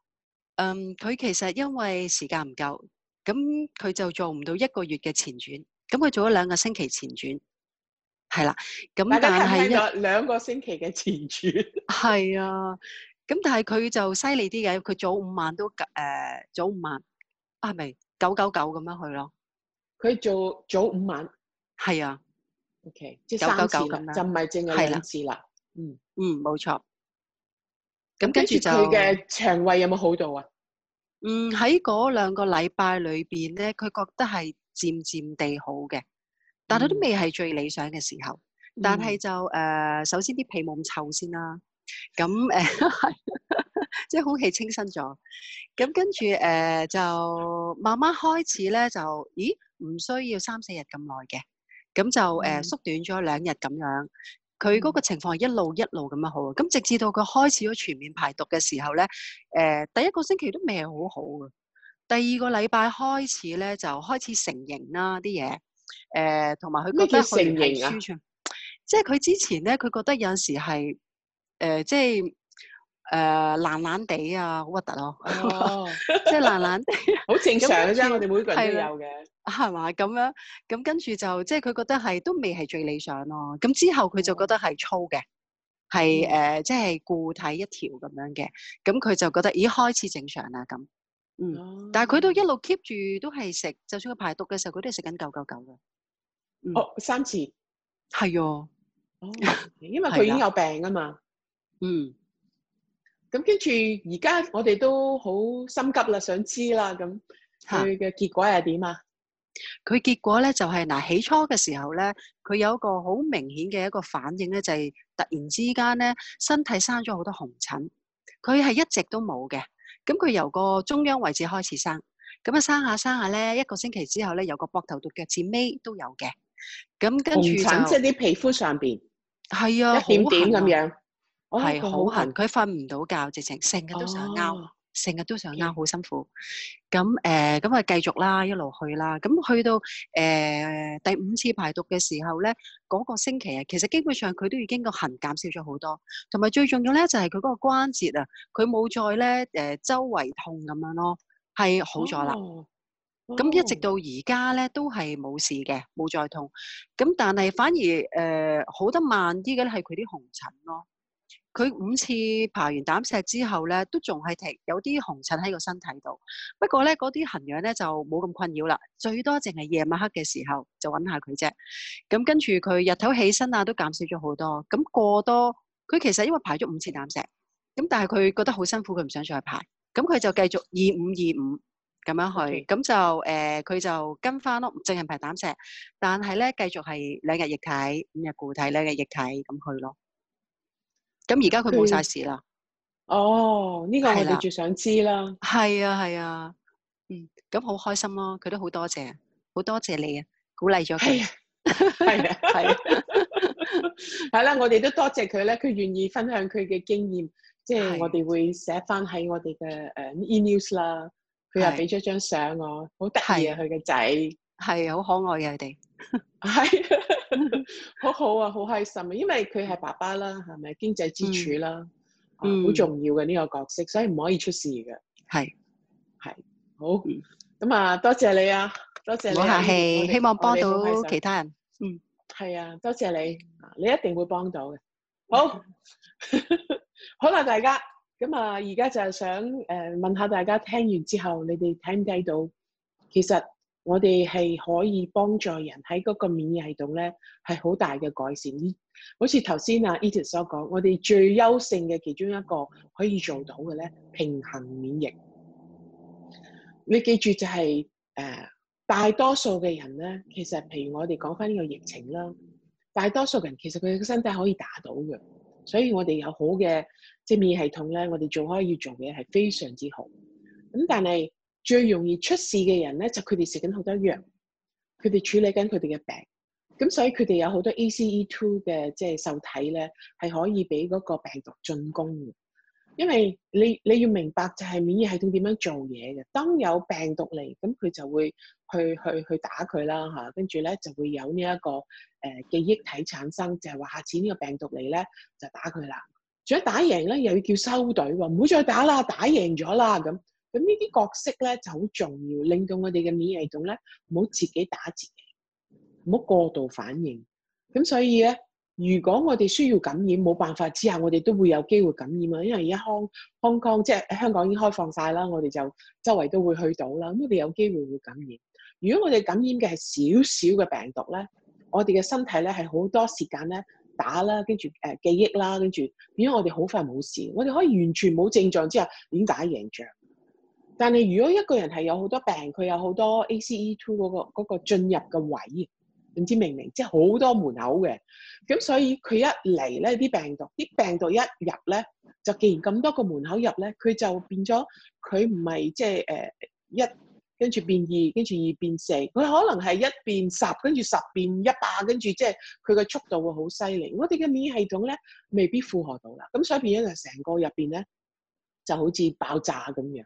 Speaker 2: 嗯，佢其
Speaker 3: 實因為時間唔夠，咁佢就做唔到一個月嘅前轉，咁佢做咗兩個星期前轉，係啦。咁但係
Speaker 2: 兩個星期嘅前轉
Speaker 3: 係 啊，咁但係佢就犀利啲嘅，佢早五晚都誒，早、呃、五晚係咪九九九咁樣去咯？佢做早五晚，係啊
Speaker 2: ，OK，
Speaker 3: 即係三次咁，就唔係淨係兩次啦。
Speaker 2: 嗯、啊、嗯，冇錯。咁跟住就。佢嘅腸胃有冇好到啊？
Speaker 3: 嗯，喺嗰兩個禮拜裏邊咧，佢覺得係漸漸地好嘅，但係都未係最理想嘅時候。嗯、但係就誒、呃，首先啲屁冇咁臭先啦、啊。咁誒， 即係空氣清新咗。咁跟住誒，就慢慢開始咧，就咦唔需要三四日咁耐嘅。咁就誒縮短咗兩日咁樣。佢嗰個情況係一路一路咁樣好。咁、嗯、直至到佢開始咗全面排毒嘅時候咧，誒、呃、第一個星期都未係好好嘅。第二個禮拜開始咧，就開始成形啦啲嘢。誒，同埋佢覺得成形舒暢，即係佢之前咧，佢覺得有陣時係。誒，uh, 即係誒，爛爛地啊，好核突咯，啊、即係爛爛地。好正常嘅啫，我哋
Speaker 4: 每
Speaker 3: 個人都有嘅，係嘛、啊？咁樣、啊，咁、啊、跟住、啊嗯、就即係佢覺得係都未係最理想咯。咁、啊、之後佢就覺得係粗嘅，係誒、嗯，即係固體一條咁樣嘅。咁佢就覺得咦，開始正常啦咁。嗯，但係佢都一路 keep 住都係食，就算佢排毒嘅時候，佢都係食緊九九九嘅。哦，
Speaker 2: 三次，係喲、啊。因為佢已經有病啊嘛。嗯，咁跟住而家我哋都好心急啦，想知啦，咁佢嘅結果係點啊？
Speaker 3: 佢、嗯、結果咧就係、是、嗱，起初嘅時候咧，佢有一個好明顯嘅一個反應咧，就係、是、突然之間咧，身體生咗好多紅疹。佢係一直都冇嘅，咁佢由個中央位置開始生，咁啊生下生下咧，一個星期之後咧，由個膊頭到腳趾尾都有嘅。咁跟住就即係啲皮膚上邊係啊，一點點咁樣、啊。係好、哦、痕，佢瞓唔到覺，直情成日都想拗，成日、哦、都想拗，好辛苦。咁、嗯、誒，咁佢繼續啦，一路去啦。咁、嗯、去到誒、呃、第五次排毒嘅時候咧，嗰、那個星期啊，其實基本上佢都已經個痕減少咗好多，同埋最重要咧就係佢嗰個關節啊，佢冇再咧誒、呃、周圍痛咁樣咯，係好咗啦。咁、哦嗯、一直到而家咧都係冇事嘅，冇再痛。咁但係反而誒好、呃、得慢啲嘅係佢啲紅疹咯。佢五次排完膽石之後咧，都仲係停，有啲紅疹喺個身體度。不過咧，嗰啲痕癢咧就冇咁困擾啦，最多淨係夜晚黑嘅時候就揾下佢啫。咁跟住佢日頭起身啊，都減少咗好多。咁過多，佢其實因為排咗五次膽石，咁但係佢覺得好辛苦，佢唔想再排，咁佢就繼續二五二五咁樣去。咁就誒，佢就跟翻咯，淨係排膽石，但係咧繼續係兩日液體、五日固體、兩日液體咁去咯。咁而家佢冇晒事啦。哦，呢、呢個我哋最想知啦。係啊係啊，嗯，咁好開心咯、啊，佢都好多謝，好多謝你啊，鼓勵咗佢。係啊
Speaker 2: 係啊，係啦，我哋都多謝佢咧，佢願意分享佢嘅經驗，即係的我哋會寫翻喺我哋嘅誒、呃、e-news 啦。
Speaker 1: 佢的又俾咗
Speaker 2: 張相我，好得意啊，佢嘅仔。係啊，好可愛啊，佢哋。係的。 好好啊，好開心啊！因為佢係爸爸啦，係咪經濟支柱啦，好、嗯啊、重要嘅呢個角色，所以唔可以出事嘅。係係是好，咁啊、嗯，多謝你啊，多謝你、啊，唔客氣，們希望幫到其他人。嗯，係啊，多謝你，嗯、你一定會幫到嘅。好， 好啦、啊，大家，咁啊，而家就係想誒問下大家，聽完之後你哋聽唔聽到，其實。我哋係可以幫助人喺嗰個免疫系統咧，係好大嘅改善。好似頭先阿 Ethan 所講，我哋最優勝嘅其中一個可以做到嘅咧，平衡免疫。你記住就係、是、誒、呃，大多數嘅人咧，其實譬如我哋講翻呢個疫情啦，大多數人其實佢嘅身體可以打到嘅，所以我哋有好嘅即免疫系統咧，我哋仲可以做嘅嘢係非常之好。咁但係。最容易出事嘅人咧，就佢哋食緊好多藥，佢哋處理緊佢哋嘅病，咁所以佢哋有好多 ACE2 嘅即係、就是、受體咧，係可以俾嗰個病毒進攻嘅。因為你你要明白就係免疫系統點樣做嘢嘅，當有病毒嚟咁，佢就會去去去打佢啦吓，跟住咧就會有呢、這、一個誒、呃、記憶體產生，就係、是、話下次呢個病毒嚟咧就打佢啦。如果打贏咧，又要叫收隊喎，唔好再打啦，打贏咗啦咁。咁呢啲角色咧就好重要，令到我哋嘅免疫系統咧唔好自己打自己，唔好過度反應。咁所以咧，如果我哋需要感染冇辦法之下，我哋都會有機會感染啊。因為而家康康即係香港已經開放晒啦，我哋就周圍都會去到啦，咁我哋有機會會感染。如果我哋感染嘅係少少嘅病毒咧，我哋嘅身體咧係好多時間咧打啦，跟住誒記憶啦，跟住如果我哋好快冇事。我哋可以完全冇症狀之下點打贏仗？但係，如果一個人係有好多病，佢有好多 ACE2 嗰、那個嗰、那個進入嘅位，唔知明唔明？即係好多門口嘅，咁所以佢一嚟咧，啲病毒，啲病毒一入咧，就既然咁多個門口入咧，佢就變咗佢唔係即係誒一跟住變二，跟住二變四，佢可能係一變十，跟住十變一百，跟住即係佢嘅速度會好犀利。我哋嘅免疫系統咧未必負荷到啦，咁所以變咗就成個入邊咧就好似爆炸咁樣。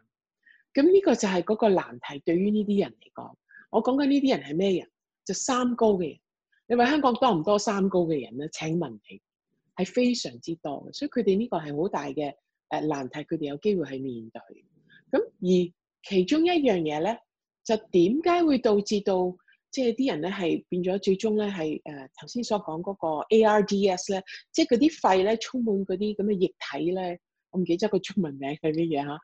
Speaker 2: 咁呢個就係嗰個難題，對於呢啲人嚟講，我講緊呢啲人係咩人？就三高嘅人。你話香港多唔多三高嘅人咧？請問你係非常之多嘅，所以佢哋呢個係好大嘅誒難題，佢哋有機會係面對。咁而其中一樣嘢咧，就點解會導致到即係啲人咧係變咗最終咧係誒頭先所講嗰個 ARDS 咧，即係嗰啲肺咧充滿嗰啲咁嘅液體咧，我唔記得個中文名係乜嘢嚇。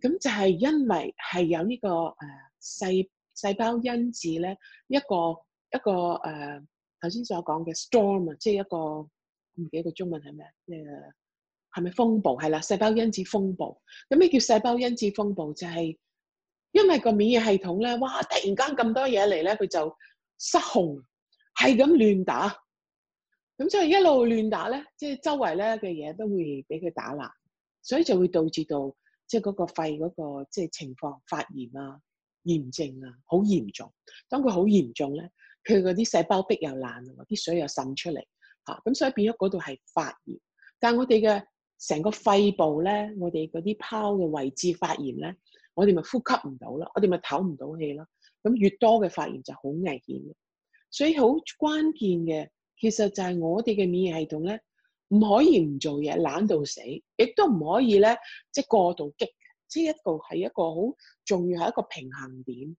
Speaker 2: 咁就係因為係有呢、這個誒、呃、細細胞因子咧，一個一個誒頭先所講嘅 storm 啊，即係一個唔記得個中文係咩？咩係咪風暴？係啦，細胞因子風暴。咁咩叫細胞因子風暴？就係、是、因為個免疫系統咧，哇！突然間咁多嘢嚟咧，佢就失控，係咁亂打。咁即係一路亂打咧，即、就、係、是、周圍咧嘅嘢都會俾佢打爛，所以就會導致到。即係嗰個肺嗰個即係情況發炎啊、炎症啊，好嚴重。當佢好嚴重咧，佢嗰啲細胞壁又爛啊，啲水又滲出嚟嚇，咁、啊、所以變咗嗰度係發炎。但係我哋嘅成個肺部咧，我哋嗰啲泡嘅位置發炎咧，我哋咪呼吸唔到咯，我哋咪唞唔到氣咯。咁越多嘅發炎就好危險。所以好關鍵嘅，其實就係我哋嘅免疫系統咧。唔可以唔做嘢，懶到死，亦都唔可以咧，即係過度激，即係一個係一個好重要係一個平衡點。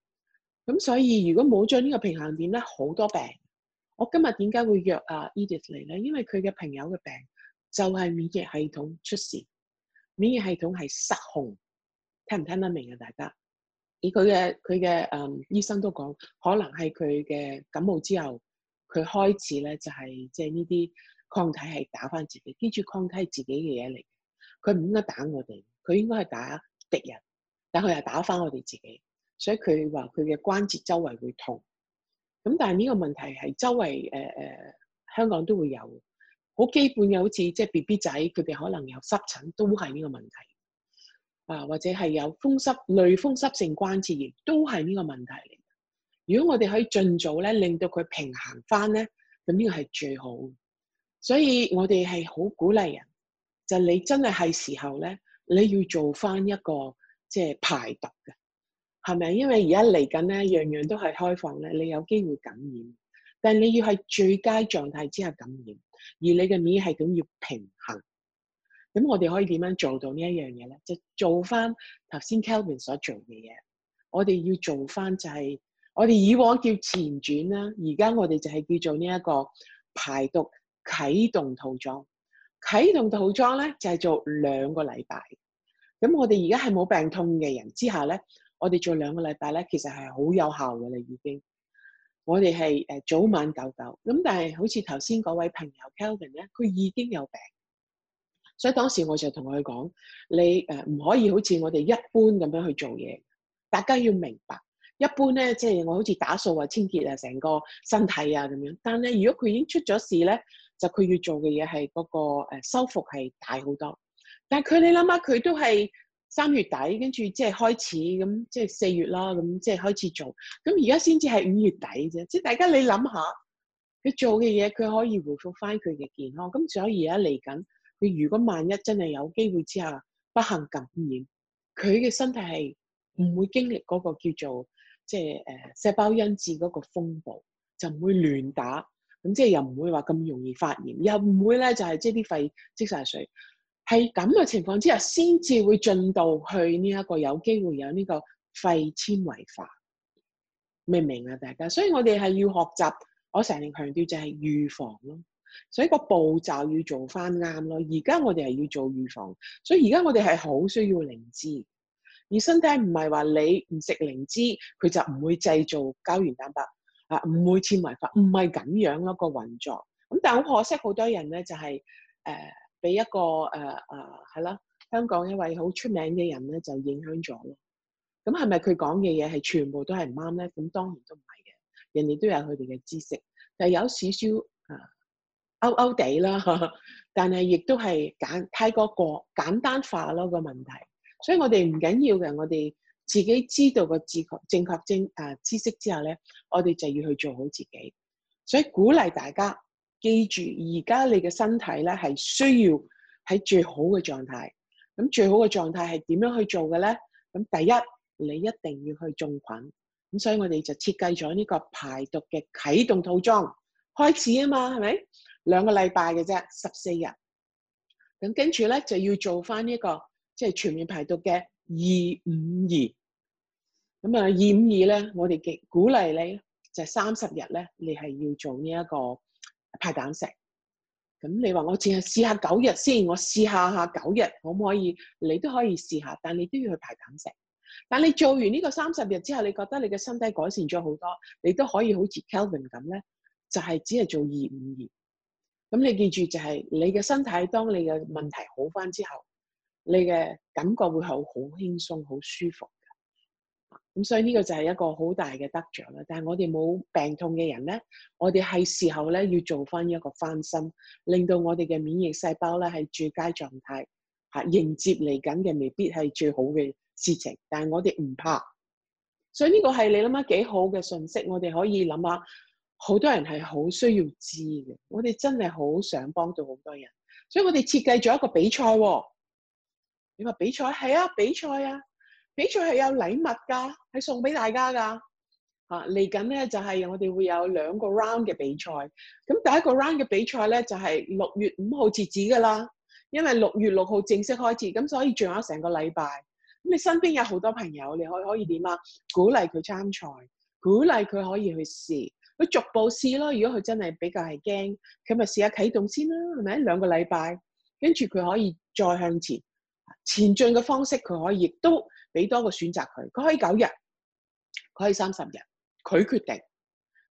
Speaker 2: 咁所以如果冇咗呢個平衡點咧，好多病。我今日點解會約啊 Edith 嚟咧？因為佢嘅朋友嘅病就係免疫系統出事，免疫系統係失控，聽唔聽得明啊？大家，而佢嘅佢嘅誒醫生都講，可能係佢嘅感冒之後，佢開始咧就係、是、即係呢啲。抗體係打翻自己，跟住抗體係自己嘅嘢嚟，佢唔應該打我哋，佢應該係打敵人，但佢又打翻我哋自己，所以佢話佢嘅關節周圍會痛。咁但係呢個問題係周圍誒誒、呃，香港都會有，好基本嘅，好似即係 BB 仔，佢哋可能有濕疹，都係呢個問題。啊，或者係有風濕、類風濕性關節炎，都係呢個問題嚟。如果我哋可以盡早咧令到佢平衡翻咧，咁呢個係最好。所以我哋係好鼓勵人，就是、你真係係時候咧，你要做翻一個即係排毒嘅，係咪？因為而家嚟緊咧，樣樣都係開放咧，你有機會感染，但你要喺最佳狀態之下感染，而你嘅免疫咁要平衡。咁我哋可以點樣做到一呢一樣嘢咧？就是、做翻頭先 Kelvin 所做嘅嘢，我哋要做翻就係、是、我哋以往叫前轉啦，而家我哋就係叫做呢一個排毒。啟動套裝，啟動套裝咧就係做兩個禮拜。咁我哋而家係冇病痛嘅人之下咧，我哋做兩個禮拜咧，其實係好有效嘅啦。已經，我哋係誒早晚九九。咁但係好似頭先嗰位朋友 Kelvin 咧，佢已經有病，所以當時我就同佢講：你誒唔可以好似我哋一般咁樣去做嘢。大家要明白，一般咧即係我好似打掃啊、清潔啊、成個身體啊咁樣。但係如果佢已經出咗事咧。就佢要做嘅嘢係嗰個誒修復係大好多。但係佢你諗下佢都係三月底跟住即係開始咁，即係四月啦咁即係開始做，咁而家先至係五月底啫。即係大家你諗下佢做嘅嘢，佢可以回復翻佢嘅健康。咁所以而家嚟緊，佢如果萬一真係有機會之下不幸感染，佢嘅身體係唔會經歷嗰個叫做即係誒細胞因子嗰個風暴，就唔會亂打。咁即係又唔會話咁容易發炎，又唔會咧就係即係啲肺積晒水，係咁嘅情況之下，先至會進度去呢一個有機會有呢個肺纖維化，明唔明啊？大家，所以我哋係要學習，我成日強調就係預防咯，所以個步驟要做翻啱咯。而家我哋係要做預防，所以而家我哋係好需要靈芝，而身體唔係話你唔食靈芝，佢就唔會製造膠原蛋白。啊，唔會纖維化，唔係咁樣咯、這個運作。咁但係好可惜，好多人咧就係誒俾一個誒誒係啦，香港一位好出名嘅人咧就影響咗咯。咁係咪佢講嘅嘢係全部都係唔啱咧？咁、嗯、當然都唔係嘅，人哋都有佢哋嘅知識，就是、有少少啊勾勾地啦。但係亦都係簡太過過簡單化咯個問題。所以我哋唔緊要嘅，我哋，自己知道個正確正確精啊知識之後咧，我哋就要去做好自己。所以鼓勵大家記住，而家你嘅身體咧係需要喺最好嘅狀態。咁最好嘅狀態係點樣去做嘅咧？咁第一，你一定要去種菌。咁所以我哋就設計咗呢個排毒嘅啟動套裝，開始啊嘛，係咪兩個禮拜嘅啫，十四日。咁跟住咧就要做返、這、呢個即係、就是、全面排毒嘅二五二。咁啊，二五二咧，我哋鼓鼓勵你，就係三十日咧，你係要做呢一個排膽石。咁你話我淨係試下九日先，我試下下九日可唔可以？你都可以試下，但你都要去排膽石。但你做完呢個三十日之後，你覺得你嘅身體改善咗好多，你都可以好似 Kelvin 咁咧，就係只係做二五二。咁你記住，就係你嘅身體，當你嘅問題好翻之後，你嘅感覺會好，好輕鬆，好舒服。咁、嗯、所以呢個就係一個好大嘅得着啦。但係我哋冇病痛嘅人咧，我哋係時候咧要做翻一個翻身，令到我哋嘅免疫細胞咧係最佳狀態，吓迎接嚟緊嘅未必係最好嘅事情。但係我哋唔怕，所以呢個係你諗下幾好嘅信息。我哋可以諗下，好多人係好需要知嘅。我哋真係好想幫到好多人，所以我哋設計咗一個比賽、哦。你話比賽係啊，比賽啊！比賽係有禮物噶，係送俾大家噶嚇。嚟緊咧就係、是、我哋會有兩個 round 嘅比賽。咁第一個 round 嘅比賽咧就係、是、六月五號截止噶啦，因為六月六號正式開始，咁所以仲有成個禮拜。咁你身邊有好多朋友，你可以可以點啊？鼓勵佢參賽，鼓勵佢可以去試，佢逐步試咯。如果佢真係比較係驚，佢咪試下啟動先啦，係咪？兩個禮拜，跟住佢可以再向前前進嘅方式，佢可以亦都。俾多個選擇佢，佢可以九日，佢可以三十日，佢決定。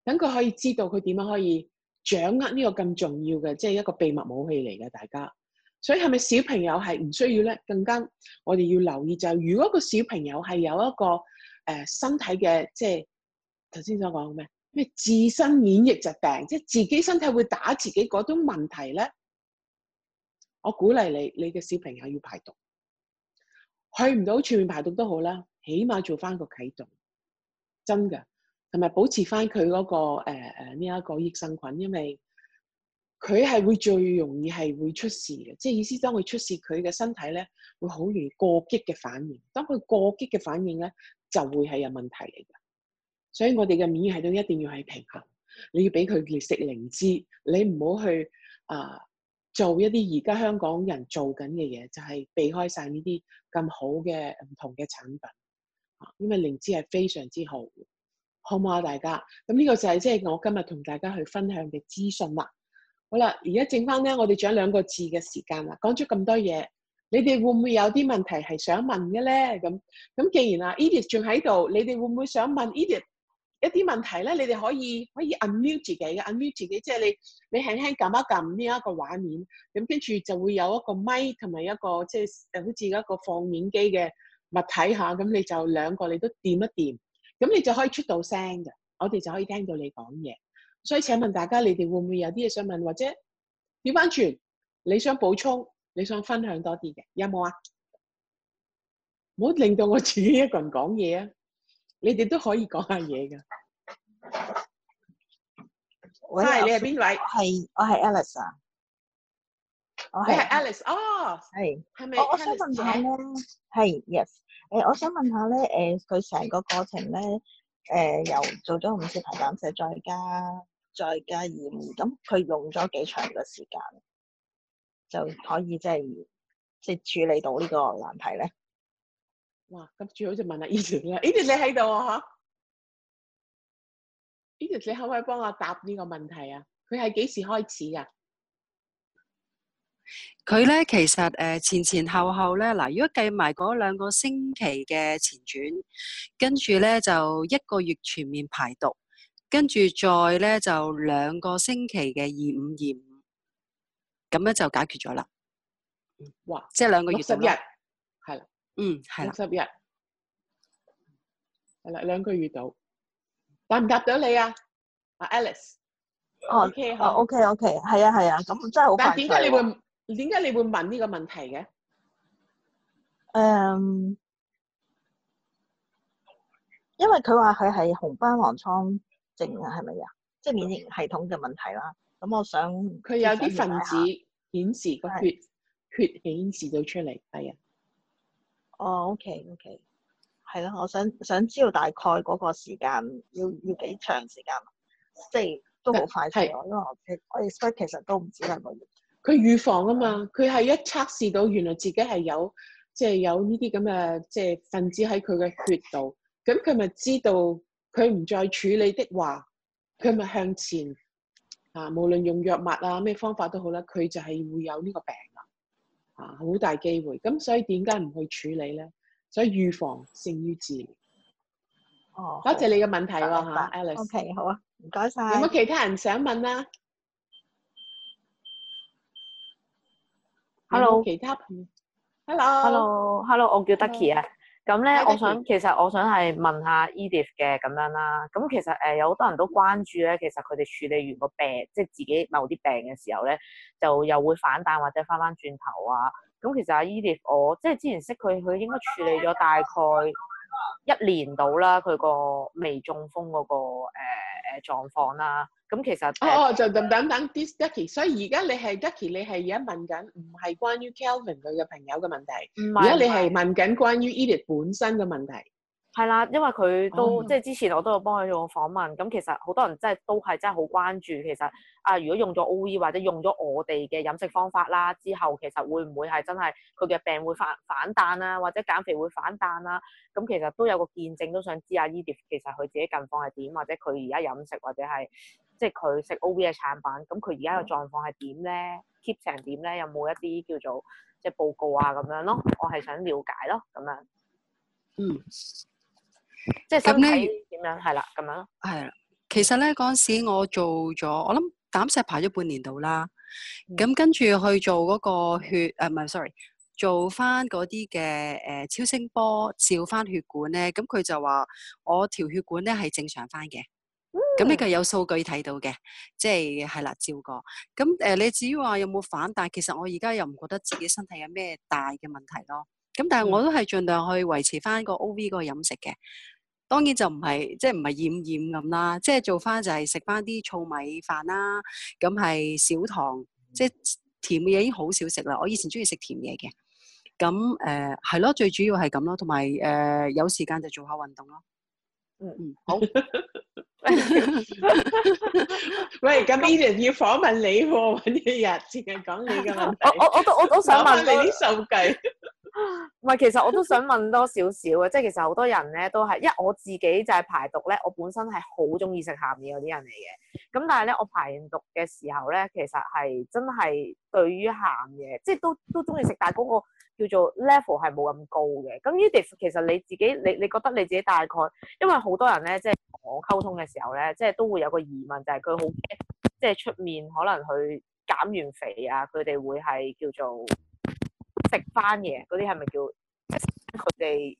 Speaker 2: 等佢可以知道佢點樣可以掌握呢個咁重要嘅，即係一個秘密武器嚟嘅，大家。所以係咪小朋友係唔需要咧？更加我哋要留意就係、是，如果個小朋友係有一個誒、呃、身體嘅，即係頭先所講咩咩自身免疫疾病，即係自己身體會打自己嗰種問題咧。我鼓勵你，你嘅小朋友要排毒。去唔到全面排毒都好啦，起碼做翻個啟動，真噶，同埋保持翻佢嗰個誒誒呢一個益生菌，因為佢係會最容易係會出事嘅，即係意思當佢出事，佢嘅身體咧會好容易過激嘅反應，當佢過激嘅反應咧就會係有問題嚟噶。所以我哋嘅免疫系統一定要係平衡，你要俾佢叫食靈芝，你唔好去啊。呃做一啲而家香港人做緊嘅嘢，就係、是、避開晒呢啲咁好嘅唔同嘅產品，啊，因為靈芝係非常之好，好唔好啊？大家，咁呢個就係即係我今日同大家去分享嘅資訊啦。好啦，而家剩翻咧，我哋仲有兩個字嘅時間啦，講咗咁多嘢，你哋會唔會有啲問題係想問嘅咧？咁咁，既然啊、e、Edith 仲喺度，你哋會唔會想問 Edith？一啲問題咧，你哋可以可以 unmute 自己嘅，unmute 自己即係你你輕輕撳一撳呢一個畫面，咁跟住就會有一個咪同埋一個即係誒好似一個放面機嘅物體嚇，咁、啊、你就兩個你都掂一掂，咁你就可以出到聲嘅，我哋就可以聽到你講嘢。所以請問大家，你哋會唔會有啲嘢想問或者點安全？你想補充，你想分享多啲嘅，有冇啊？唔好令到我自己一個人講嘢啊！你哋都可以講下嘢㗎。喂，喂，你係邊位？係，我係 Alice。啊。我係 Alice。哦，係是。係咪、哦？我想問下咧，
Speaker 4: 係，yes。誒，我想問下咧，誒、呃，佢成個過程咧，誒、呃，由做咗五次排膽石再加再加
Speaker 2: 鹽，咁佢用咗幾長嘅時間就可以即係即係處理到呢個難題咧？哇！咁最好就問阿 Eddie 啦 Eddie, 你喺度啊？嗬 Eddie 你可唔可以幫我答呢個問題啊？佢係幾時開始啊？
Speaker 3: 佢咧其實誒、呃、前前後後咧嗱，如果計埋嗰兩個星期嘅前轉，跟住咧就一個月全面排毒，跟住再咧就兩個星期嘅二五二五，咁樣就解決咗啦。
Speaker 4: 哇！
Speaker 2: 即係兩個月六十日。嗯，係六十日，係啦，兩個月度，能能答唔答到你啊？啊，Alice，哦、oh，O，K，哦，O，K，O，K，係啊，係啊，咁真係好快。但點解你會點解你會問呢個問題嘅？
Speaker 4: 誒，um, 因為佢話佢係紅斑狼瘡症啊，係咪啊？即係免疫系統嘅
Speaker 2: 問題啦。咁我想佢有啲分子看看、嗯、顯示個血血顯示到出嚟，係啊。哦，OK，OK，係咯，我想想知
Speaker 4: 道大概嗰個時間要要幾長時間？即係都好快，
Speaker 2: 因為我我哋其實都唔止兩個月。佢預防啊嘛，佢係一測試到原來自己係有即係有呢啲咁嘅即係分子喺佢嘅血度，咁佢咪知道佢唔再處理的話，佢咪向前啊，無論用藥物啊咩方法都好啦，佢就係會有呢個病。啊，好大機會，咁所以點解唔去處理咧？所以預防勝於治療。
Speaker 4: 哦，多謝你
Speaker 2: 嘅問題喎，Alex。OK，好啊，唔該晒。有冇其他人想問啊
Speaker 5: ？Hello。其他朋
Speaker 4: 友。Hello。Hello，Hello，
Speaker 5: 我叫 Ducky 啊。咁咧，我想其實我想係問下 Edith 嘅咁樣啦。咁其實誒、呃、有好多人都關注咧，其實佢哋處理完個病，即係自己某啲病嘅時候咧，就又會反彈或者翻翻轉頭啊。咁其實阿、e、Edith，我即係之前識佢，佢應該處理咗大概一年到
Speaker 2: 啦，佢個微中風嗰、嗰個誒誒、呃、狀況啦、啊。咁其實哦，就等等等 Dicky，所以而家你係 Dicky，你係而家問緊，唔係關於 Kelvin 佢嘅朋友嘅問題，而家你係問緊關於 Eddie 本身嘅問題。係啦，因為
Speaker 5: 佢都、嗯、即係之前我都有幫佢做訪問，咁其實好多人即係都係真係好關注，其實啊，如果用咗 O E 或者用咗我哋嘅飲食方法啦，之後其實會唔會係真係佢嘅病會反反彈啊，或者減肥會反彈啊？咁其實都有個見證，都想知啊 Eddie 其實佢自己近況係點，或者佢而家飲食或者係。即係佢食 O.V. 嘅產品，咁佢而家嘅狀況係點咧？keep 成點咧？有冇一啲叫做即係報告啊？咁樣咯，我係想了解咯，咁樣。嗯。
Speaker 4: 即
Speaker 3: 係身體
Speaker 5: 點樣？係啦、嗯，咁樣咯。
Speaker 3: 係啦，其實咧嗰陣時我做咗，我諗膽石排咗半年度啦，咁跟住去做嗰個血，誒唔係 sorry，做翻嗰啲嘅誒超聲波照翻血管咧，咁佢就話我條血管咧係正常翻嘅。咁呢個有數據睇到嘅，即係係啦，照過。咁誒、呃，你至於話有冇反彈？其實我而家又唔覺得自己身體有咩大嘅問題咯。咁但係我都係盡量去維持翻個 O V 個飲食嘅。當然就唔係即係唔係厭厭咁啦，即係做翻就係食翻啲糙米飯啦。咁係少糖，嗯、即係甜嘅嘢已經好少食啦。我以前中意食甜嘢嘅。咁誒係咯，最主要係咁咯。同埋誒有時間就做下運動咯。嗯嗯，
Speaker 2: 好。 喂，咁 Ethan 要訪問你喎，揾一日淨係講你嘅問題。 我我我,我都我都想問你啲數據。
Speaker 5: 唔係，其實我都想問多少少嘅，即係 其實好多, 多人咧都係，因為我自己就係排毒咧，我本身係好中意食咸嘢嗰啲人嚟嘅。咁但係咧，我排毒嘅時候咧，其實係真係對於咸嘢，即係都都中意食，但係嗰、嗰個。叫做 level 係冇咁高嘅，咁呢啲其實你自己，你你覺得你自己大概，因為好多人咧，即係我溝通嘅時候咧，即係都會有個疑問，就係佢好驚，即係出面可能去減完肥啊，佢哋會係叫做食返嘢，嗰啲係咪叫佢哋？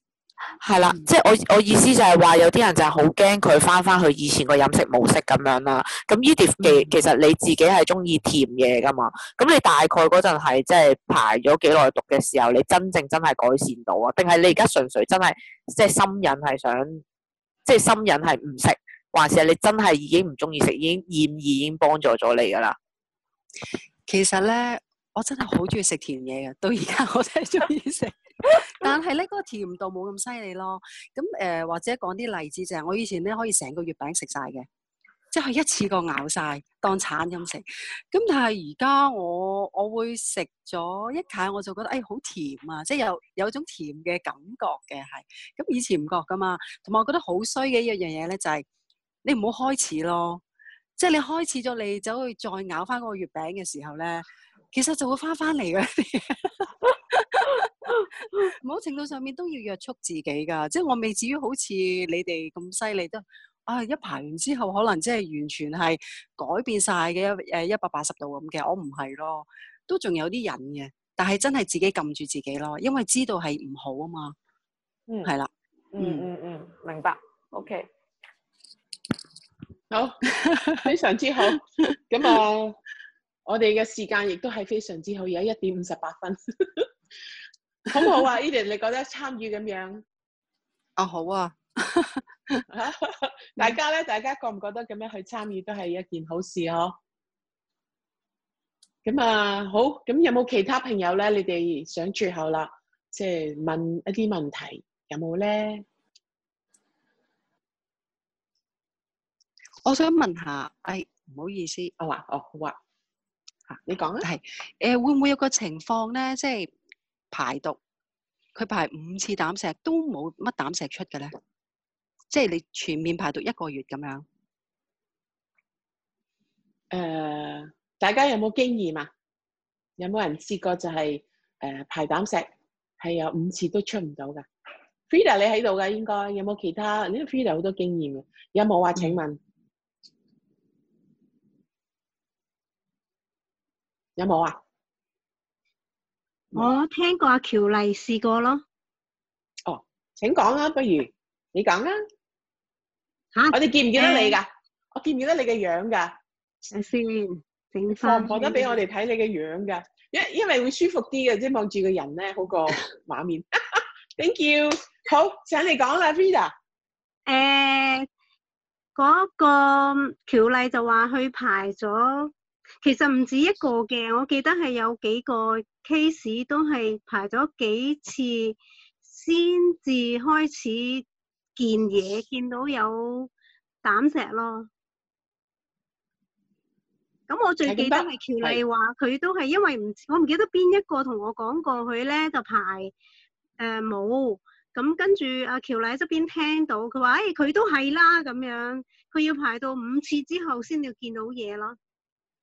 Speaker 5: 係啦，嗯、即係我我意思就係話有啲人就係好驚佢翻翻去以前個飲食模式咁樣啦。咁呢啲其其實你自己係中意甜嘢噶嘛，咁你大概嗰陣係即係排咗幾耐毒嘅時候，你真正真係改善到啊？定係你而家純粹真係即係心癮係想，即係心癮係唔食，還是係你真係已經唔中意食，已經厭意已經幫助咗你噶啦？
Speaker 3: 其實咧，我真係好中意食甜嘢嘅，到而家我真係中意食。 但係咧，嗰、那個甜度冇咁犀利咯。咁誒、呃，或者講啲例子就係、是，我以前咧可以成個月餅食晒嘅，即係一次過咬晒當橙咁食。咁但係而家我我會食咗一下，我就覺得誒好、哎、甜啊，即係有有種甜嘅感覺嘅係。咁以前唔覺噶嘛。同埋我覺得好衰嘅一樣嘢咧，就係、是、你唔好開始咯。即係你開始咗，你走去再咬翻嗰個月餅嘅時候咧，其實就會翻翻嚟嘅。 某程度上面都要約束自己噶，即係我未至於好似你哋咁犀利，都啊一排完之後可能即係完全係改變晒嘅，誒，一百八十度咁嘅，我唔係咯，都仲有啲人嘅，但係真係自己撳住自己咯，因為知道係唔好啊嘛，嗯係啦，嗯嗯嗯明白
Speaker 2: ，OK， 好，非常之好，咁啊 我哋嘅時間亦都係非常之好，而家一點五十八分。 好好啊 Eden 你覺得參與咁樣？啊好啊， 大家咧呢， 大家覺唔覺得咁樣去參與都係一件好事嗬？咁啊好，咁有冇其他朋友咧？你哋想住後啦，即、就、係、是、問一啲問題，有冇咧？我想問下，哎，唔好意思，我話、
Speaker 3: 哦啊，哦好啊，吓、啊啊、你講啦，係，誒、呃、會唔會有個情況咧？即係。排毒，佢排五次膽石都冇乜膽石出嘅咧，
Speaker 2: 即係你全面排毒一個月咁樣。誒、呃，大家有冇經驗啊？有冇人試過就係、是、誒、呃、排膽石係有五次都出唔到噶？Fida 你喺度噶應該有冇其他？呢個 Fida 好多經驗嘅，有冇話、啊？請問、嗯、
Speaker 1: 有冇啊？我聽過阿喬麗試過咯。哦，請講啊，不如你講啊。吓蛤，我哋見唔見得到你噶？嗯、我見唔見得到你嘅樣噶？睇先，
Speaker 2: 放唔放得俾我哋睇你嘅樣噶，因因為會舒服啲嘅，即係望住個人
Speaker 1: 咧，好過畫面。 Thank you，好，請你講啦，Vida。誒，嗰、呃那個喬麗就話去排咗。其實唔止一個嘅，我記得係有幾個 case 都係排咗幾次先至開始見嘢，見到有膽石咯。咁我最記得係喬麗話，佢都係因為唔，我唔記得邊一個同我講過呢，佢咧就排誒冇。咁、呃、跟住阿喬麗喺側邊聽到，佢話：誒佢都係啦，咁樣佢要排到五次之後先至見到嘢咯。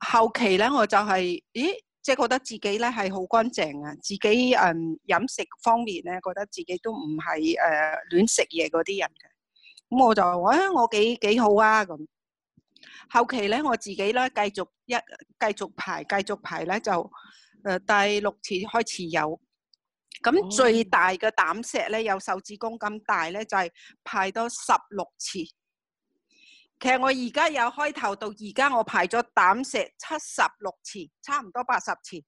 Speaker 6: 後期咧，我就係、是，咦，即係覺得自己咧係好乾淨啊，自己誒飲、嗯、食方面咧，覺得自己都唔係誒亂食嘢嗰啲人嘅，咁、嗯、我就話我、哎、我幾幾好啊咁。後期咧，我自己咧繼續一繼續排繼續排咧就誒、呃、第六次開始有，咁最大嘅膽石咧有手指公咁大咧，就係、是、排多十六次。其實我而家有開頭到而家，我排咗膽石七十六次，差唔多八十次。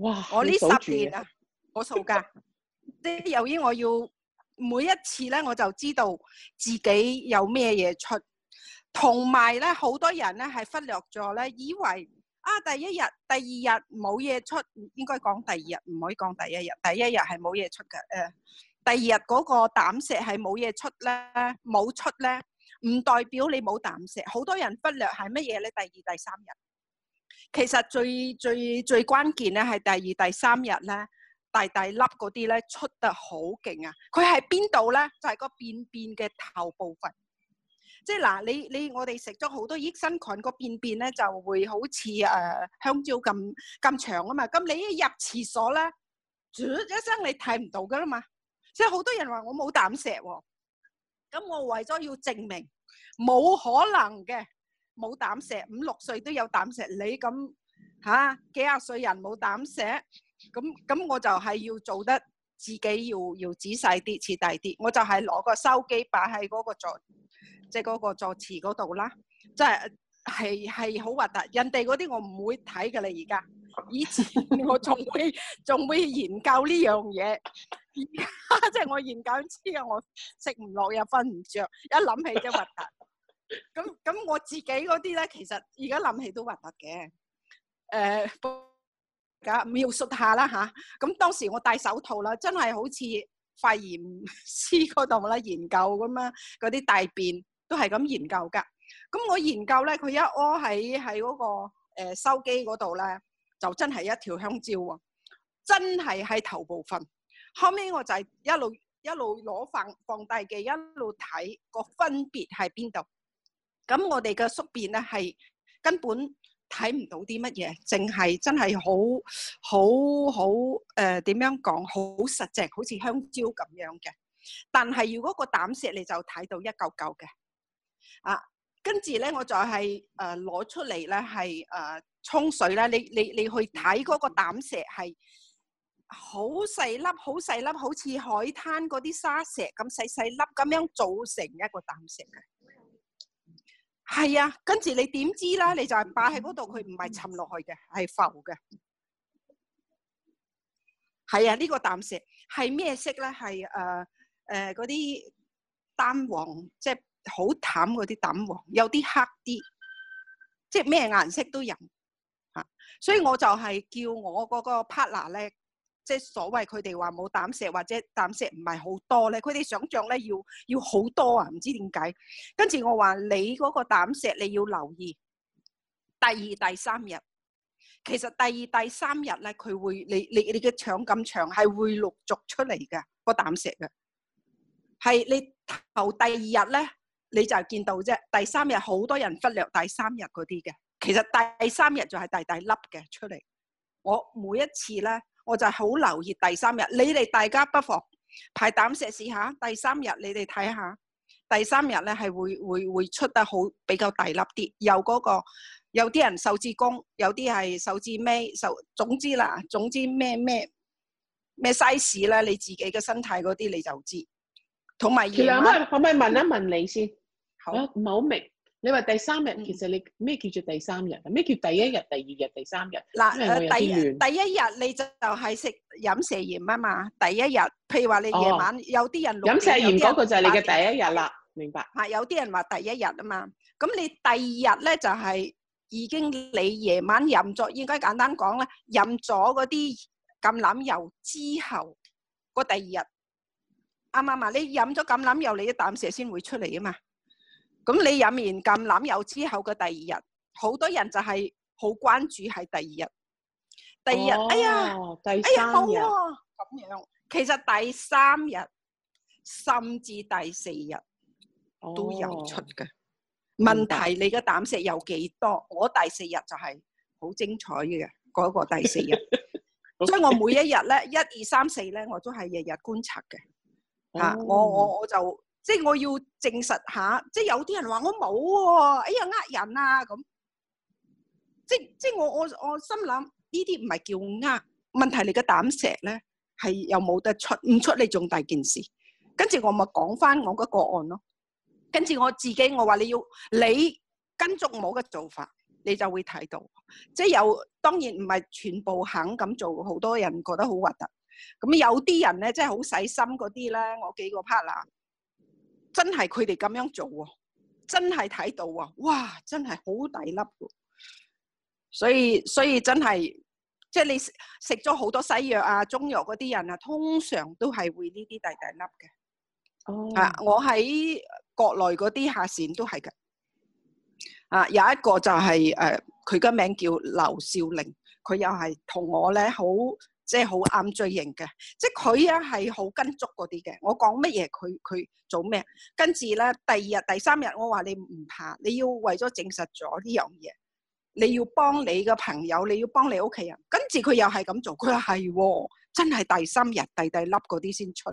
Speaker 6: 哇！我呢十年啊，數我數噶。即係 由於我要每一次咧，我就知道自己有咩嘢出。同埋咧，好多人咧係忽略咗咧，以為啊，第一日、第二日冇嘢出，應該講第二日，唔可以講第一日。第一日係冇嘢出嘅，誒、呃，第二日嗰個膽石係冇嘢出咧，冇出咧。唔代表你冇膽石，好多人忽略係乜嘢咧？第二、第三日，其實最最最關鍵咧係第二、第三日咧，大大粒嗰啲咧出得好勁啊！佢係邊度咧？就係個便便嘅頭部分，即係嗱，你你我哋食咗好多益生菌，個便便咧就會好似誒香蕉咁咁長啊嘛！咁你一入廁所咧，嘟一聲，你睇唔到噶啦嘛！即係好多人話我冇膽石喎，咁我為咗要證明。冇可能嘅，冇膽石，五六歲都有膽石，你咁吓、啊、幾廿歲人冇膽石，咁咁我就係要做得自己要要仔細啲，徹底啲，我就係攞個收機擺喺嗰個座，即係嗰個座廁度啦，即係係係好核突，人哋嗰啲我唔會睇噶啦而家。以前我仲會仲 會研究呢樣嘢，而家即係我研究之後，我食唔落又瞓唔着，一諗起就核突。咁咁 我自己嗰啲咧，其實而家諗起都核突嘅。誒、呃，家描述下啦吓。咁、啊、當時我戴手套啦，真係好似肺炎師嗰度啦，研究咁啊，嗰啲大便都係咁研究噶。咁我研究咧，佢一屙喺喺嗰個誒、那個呃、收機嗰度咧。就真係一條香蕉喎，真係喺頭部分。後尾我就係一路一路攞放放大鏡一路睇個分別喺邊度。咁我哋嘅宿便呢係根本睇唔到啲乜嘢，淨係真係好好好誒點樣講好實淨，好似香蕉咁樣嘅。但係如果個膽石你就睇到一嚿嚿嘅，啊！跟住咧，我就係誒攞出嚟咧，係誒沖水啦。你你你去睇嗰個膽石係好細粒，好細粒，好似海灘嗰啲沙石咁細細粒咁樣造成一個膽石嘅。係啊，跟住你點知啦？你就係擺喺嗰度，佢唔係沉落去嘅，係浮嘅。係啊，呢個膽石係咩色咧？係誒誒嗰啲蛋黃，即係。好淡嗰啲膽黃，有啲黑啲，即係咩顏色都有。嚇、啊，所以我就係叫我嗰、嗰個嗰個 partner 咧，即係所謂佢哋話冇膽石或者膽石唔係好多咧，佢哋想像咧要要好多啊，唔知點解。跟住我話你嗰個膽石你要留意，第二第三日，其實第二第三日咧佢會你你你嘅腸咁長係會陸續出嚟嘅、嗰個膽石嘅，係你頭第二日咧。你就見到啫。第三日好多人忽略第三日嗰啲嘅，其實第三日就係大大粒嘅出嚟。我每一次咧，我就好留意第三日。你哋大家不妨排膽石試下，第三日你哋睇下，第三日咧係會會會出得好比較大粒啲。有嗰個有啲人手指公，有啲係手指尾，手總之啦，總之咩咩咩
Speaker 2: size 啦，你自己嘅身體嗰啲你就知。同埋嘢。可唔可以問一問你先，好唔好、啊、明？你話第三日，嗯、其實你咩叫做第三日？咩叫第一日、第二日、第三日？嗱，第一第一日你就就係食飲瀉鹽啊嘛。第
Speaker 6: 一日，譬如話你夜晚、哦、有啲人飲瀉鹽嗰個就係你嘅
Speaker 2: 第一日啦。嗯、明白。
Speaker 6: 吓，有啲人話第一日啊嘛。咁你第二日咧就係、是、已經你夜晚飲咗，應該簡單講咧，飲咗嗰啲橄欖油之後，個第二日。啱啱？你飲咗橄欖油，你啲膽石先會出嚟啊嘛！咁你飲完橄欖油之後嘅第二日，好多人就係好關注係第二日。第二日，哎呀，哦、第哎呀，好喎、啊，咁樣。其實第三日甚至第四日、哦、都有出嘅、哦、問題。哦、你嘅膽石有幾多？我第四日就係好精彩嘅，嗰、嗰個第四
Speaker 4: 日。
Speaker 6: 所以我每一日咧， 一二三四咧，我都係日日觀察嘅。啊！我我我就即係我要證實下，即係有啲人話我冇喎、啊，哎呀，呃人啊咁，即即係我我我心諗呢啲唔係叫呃，問題，你嘅膽石咧係又冇得出，唔出你仲大件事，跟住我咪講翻我個個案咯，跟住我自己我話你要你跟足我嘅做法，你就會睇到，即係有當然唔係全部肯咁做，好多人覺得好核突。咁有啲人咧，真係好細心嗰啲咧，我幾個 partner 真係佢哋咁樣做喎，真係睇到啊，哇，真係好大粒噶，所以所以真係，即係你食咗好多西藥啊、中藥嗰啲人啊，通常都係會呢啲大大粒嘅。
Speaker 4: Oh.
Speaker 6: 啊，我喺國內嗰啲下線都係嘅。啊，有一個就係、是、誒，佢、啊、個名叫劉少玲，佢又係同我咧好。即係好啱嘴型嘅，即係佢啊係好跟足嗰啲嘅。我講乜嘢，佢佢做咩？跟住咧，第二日、第三日，我話你唔怕，你要為咗證實咗呢樣嘢，你要幫你嘅朋友，你要幫你屋企人。跟住佢又係咁做，佢話係喎，真係第三日第第粒嗰啲先出。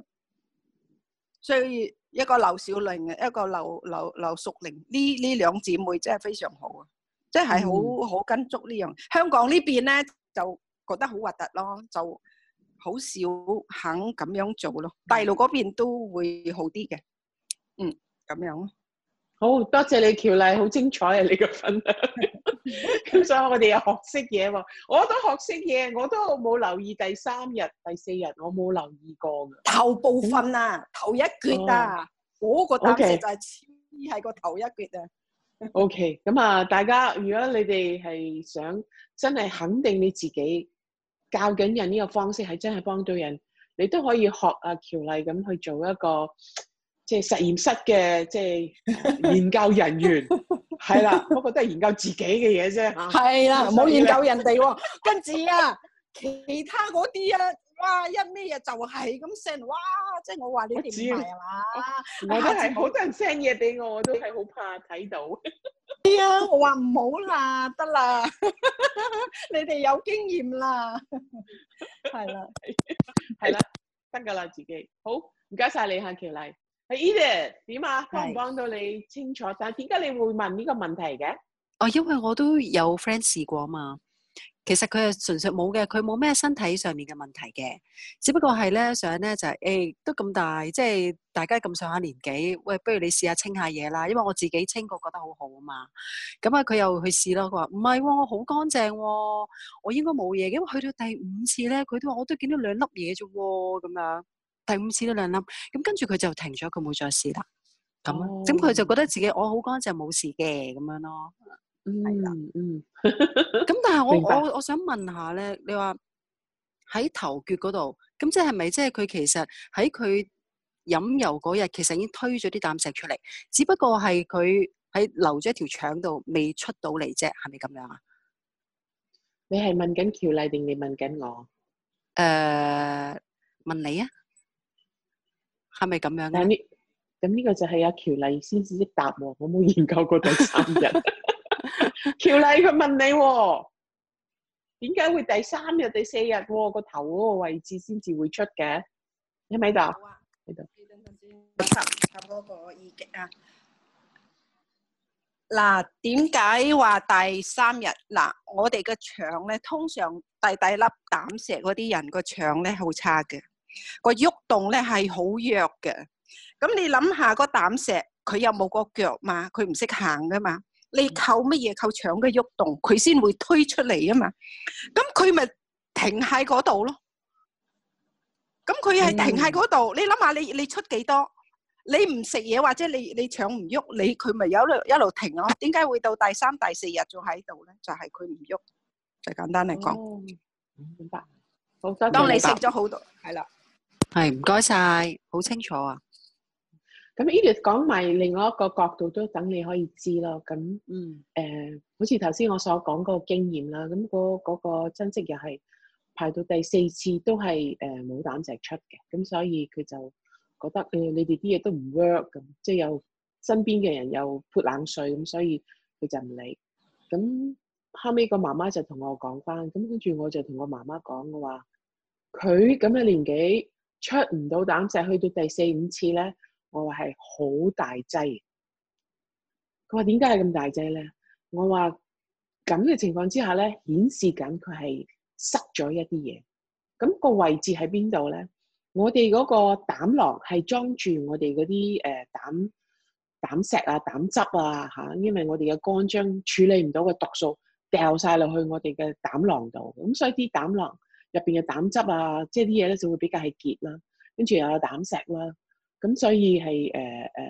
Speaker 6: 所以一個劉小玲，一個劉劉劉淑玲，呢呢兩姊妹真係非常好啊，即係好、嗯、好跟足呢樣。香港呢邊咧就。覺得好核突咯，就好少肯咁樣做咯。大陸嗰邊都會好啲嘅，嗯，咁樣咯。
Speaker 2: 好多謝你喬麗，好精彩啊你個分享。咁所以我哋又學識嘢喎，我都學識嘢，我都冇留意第三日、第四日，我冇留意過嘅。頭部分啊，頭一橛啊，我覺得其實就
Speaker 6: 係係個頭一橛啊。
Speaker 2: OK，咁啊，大家如果你哋係想真係肯定你自己。教緊人呢個方式係真係幫到人，你都可以學阿、啊、喬麗咁去做一個即係實驗室嘅即係研究人員，係啦， 不過都係研究自己嘅嘢啫。係啦，唔好研究
Speaker 6: 人哋、啊、喎， 跟住啊，其他
Speaker 2: 嗰啲啊～哇！一咩嘢就係咁 send，哇！即係我話你點嚟啊嘛？我都係好多人 send 嘢俾我，我都係好怕睇到。
Speaker 6: 係啊，我話唔好啦，得啦，你哋有經驗啦，係啦，
Speaker 2: 係啦，得噶啦，自己好唔該晒你下，喬麗，係 Ethan 點啊？幫唔幫到你清楚？但係點解你會問呢個問題嘅？
Speaker 3: 哦，因為我都有 friend 試過啊嘛。其實佢係純粹冇嘅，佢冇咩身體上面嘅問題嘅，只不過係咧，想咧就係誒、欸、都咁大，即係大家咁上下年紀，喂，不如你試下清下嘢啦，因為我自己清過覺得好好啊嘛。咁、嗯、啊，佢又去試咯，佢話唔係，我好乾淨，我應該冇嘢，因為去到第五次咧，佢都話我都見到兩粒嘢啫，咁、嗯、樣第五次都兩粒，咁跟住佢就停咗，佢冇再試啦。咁，咁佢、哦嗯、就覺得自己我好乾淨，冇事嘅咁樣咯。嗯，嗯，咁 但係我白我我想問下咧，你話喺頭決嗰度，咁即係咪即係佢其實喺佢飲油嗰日，其實已經推咗啲膽石出嚟，只不過係佢喺留咗一條腸度未出到嚟啫，係咪咁樣啊？
Speaker 2: 你係問緊喬麗定你問緊我？誒、呃，問你啊，係咪咁樣啊？咁呢個就係阿喬麗先至答喎，我冇研究過第三日。 喬麗佢問你點解會第三日第四日個頭嗰個位置先至會出嘅？喺咪度？喺度嗎。吸
Speaker 6: 吸嗰個二極啊！嗱，點解話第三日嗱、嗯？我哋個腸咧，通常第大粒膽石嗰啲人個腸咧好差嘅，個喐動咧係好弱嘅。咁你諗下個膽石，佢有冇個腳嘛？佢唔識行噶嘛？你靠乜嘢靠腸嘅喐動，佢先會推出嚟啊嘛，咁佢咪停喺嗰度咯？咁佢係停喺嗰度，你諗下你你出幾多？你唔食嘢或者你你腸唔喐，你佢咪一路一路停咯？點解，嗯、會到第三、第四日仲喺度咧？就係佢唔喐。最，
Speaker 3: 就係，簡單嚟講，嗯，明
Speaker 6: 白。好
Speaker 3: 得。當你食咗
Speaker 6: 好多，係啦白，
Speaker 2: 係唔該晒，好清楚啊。咁 Edith 講埋另外一個角度都等你可以知咯。咁，誒、嗯，好似頭先我所講嗰個經驗啦。咁嗰嗰個親戚又係排到第四次都係誒冇膽石出嘅。咁所以佢就覺得誒、呃、你哋啲嘢都唔 work 咁，即係又身邊嘅人又潑冷水咁，所以佢就唔理。咁後尾個媽媽就同我講翻，咁跟住我就同我媽媽講，我話佢咁嘅年紀出唔到膽石，去到第四五次咧。我話，係好大劑，佢話點解係咁大劑咧？我話咁嘅情況之下咧，顯示緊佢係塞咗一啲嘢。咁個位置喺邊度咧？我哋嗰個膽囊係裝住我哋嗰啲誒膽膽石啊、膽汁啊吓，因為我哋嘅肝臟處理唔到嘅毒素，掉晒落去我哋嘅膽囊度。咁所以啲膽囊入邊嘅膽汁啊，即係啲嘢咧就會比較係結啦，跟住又有膽石啦、啊。咁所以係誒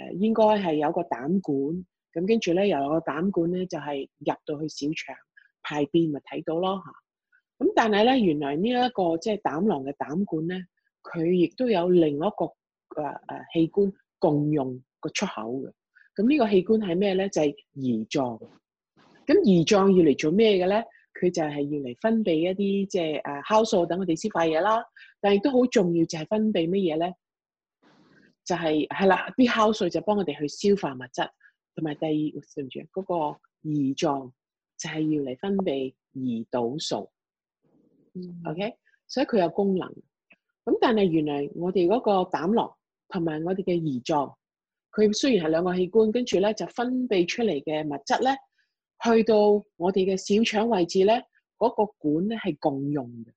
Speaker 2: 誒，應該係有個膽管，咁跟住咧，有個膽管咧就係、是、入到去小腸排便咪睇到咯嚇。咁但係咧，原來呢、這、一個即係膽囊嘅膽管咧，佢亦都有另一個誒誒、呃呃、器官共用個出口嘅。咁、嗯、呢、這個器官係咩咧？就係、是、胰臟。咁胰臟要嚟做咩嘅咧？佢就係要嚟分泌一啲即係誒、呃、酵素等嘅啲消化嘢啦。但係亦都好重要就係分泌乜嘢咧？就係係啦，啲酵素就幫我哋去消化物質，同埋第二對唔住嗰個胰臟就係要嚟分泌胰島素。嗯，OK，所以佢有功能。咁但係原來我哋嗰個膽囊同埋我哋嘅胰臟，佢雖然係兩個器官，跟住咧就分泌出嚟嘅物質咧，去到我哋嘅小腸位置咧，嗰個管咧係共用嘅，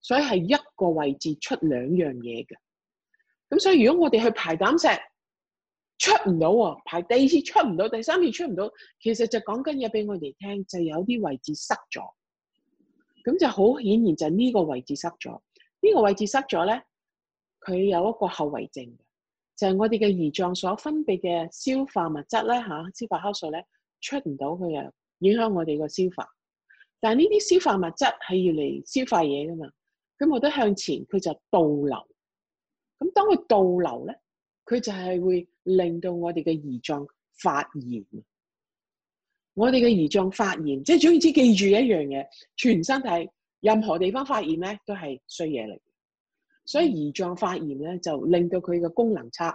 Speaker 2: 所以係一個位置出兩樣嘢嘅。咁所以如果我哋去排膽石出唔到，排第二次出唔到，第三次出唔到，其實就講緊嘢俾我哋聽，就有啲位置塞咗，咁就好顯然就呢個位置塞咗。呢個位置塞咗咧，佢有一個後遺症，就係我哋嘅胰臟所分泌嘅消化物質咧，吓消化酵素咧出唔到，佢啊影響我哋個消化。但係呢啲消化物質係要嚟消化嘢噶嘛，佢冇得向前，佢就倒流。咁當佢倒流咧，佢就係會令到我哋嘅胰臟發炎。我哋嘅胰臟發炎，即係總之，記住一樣嘢，全身體任何地方發炎咧，都係衰嘢嚟。所以胰臟發炎咧，就令到佢嘅功能差。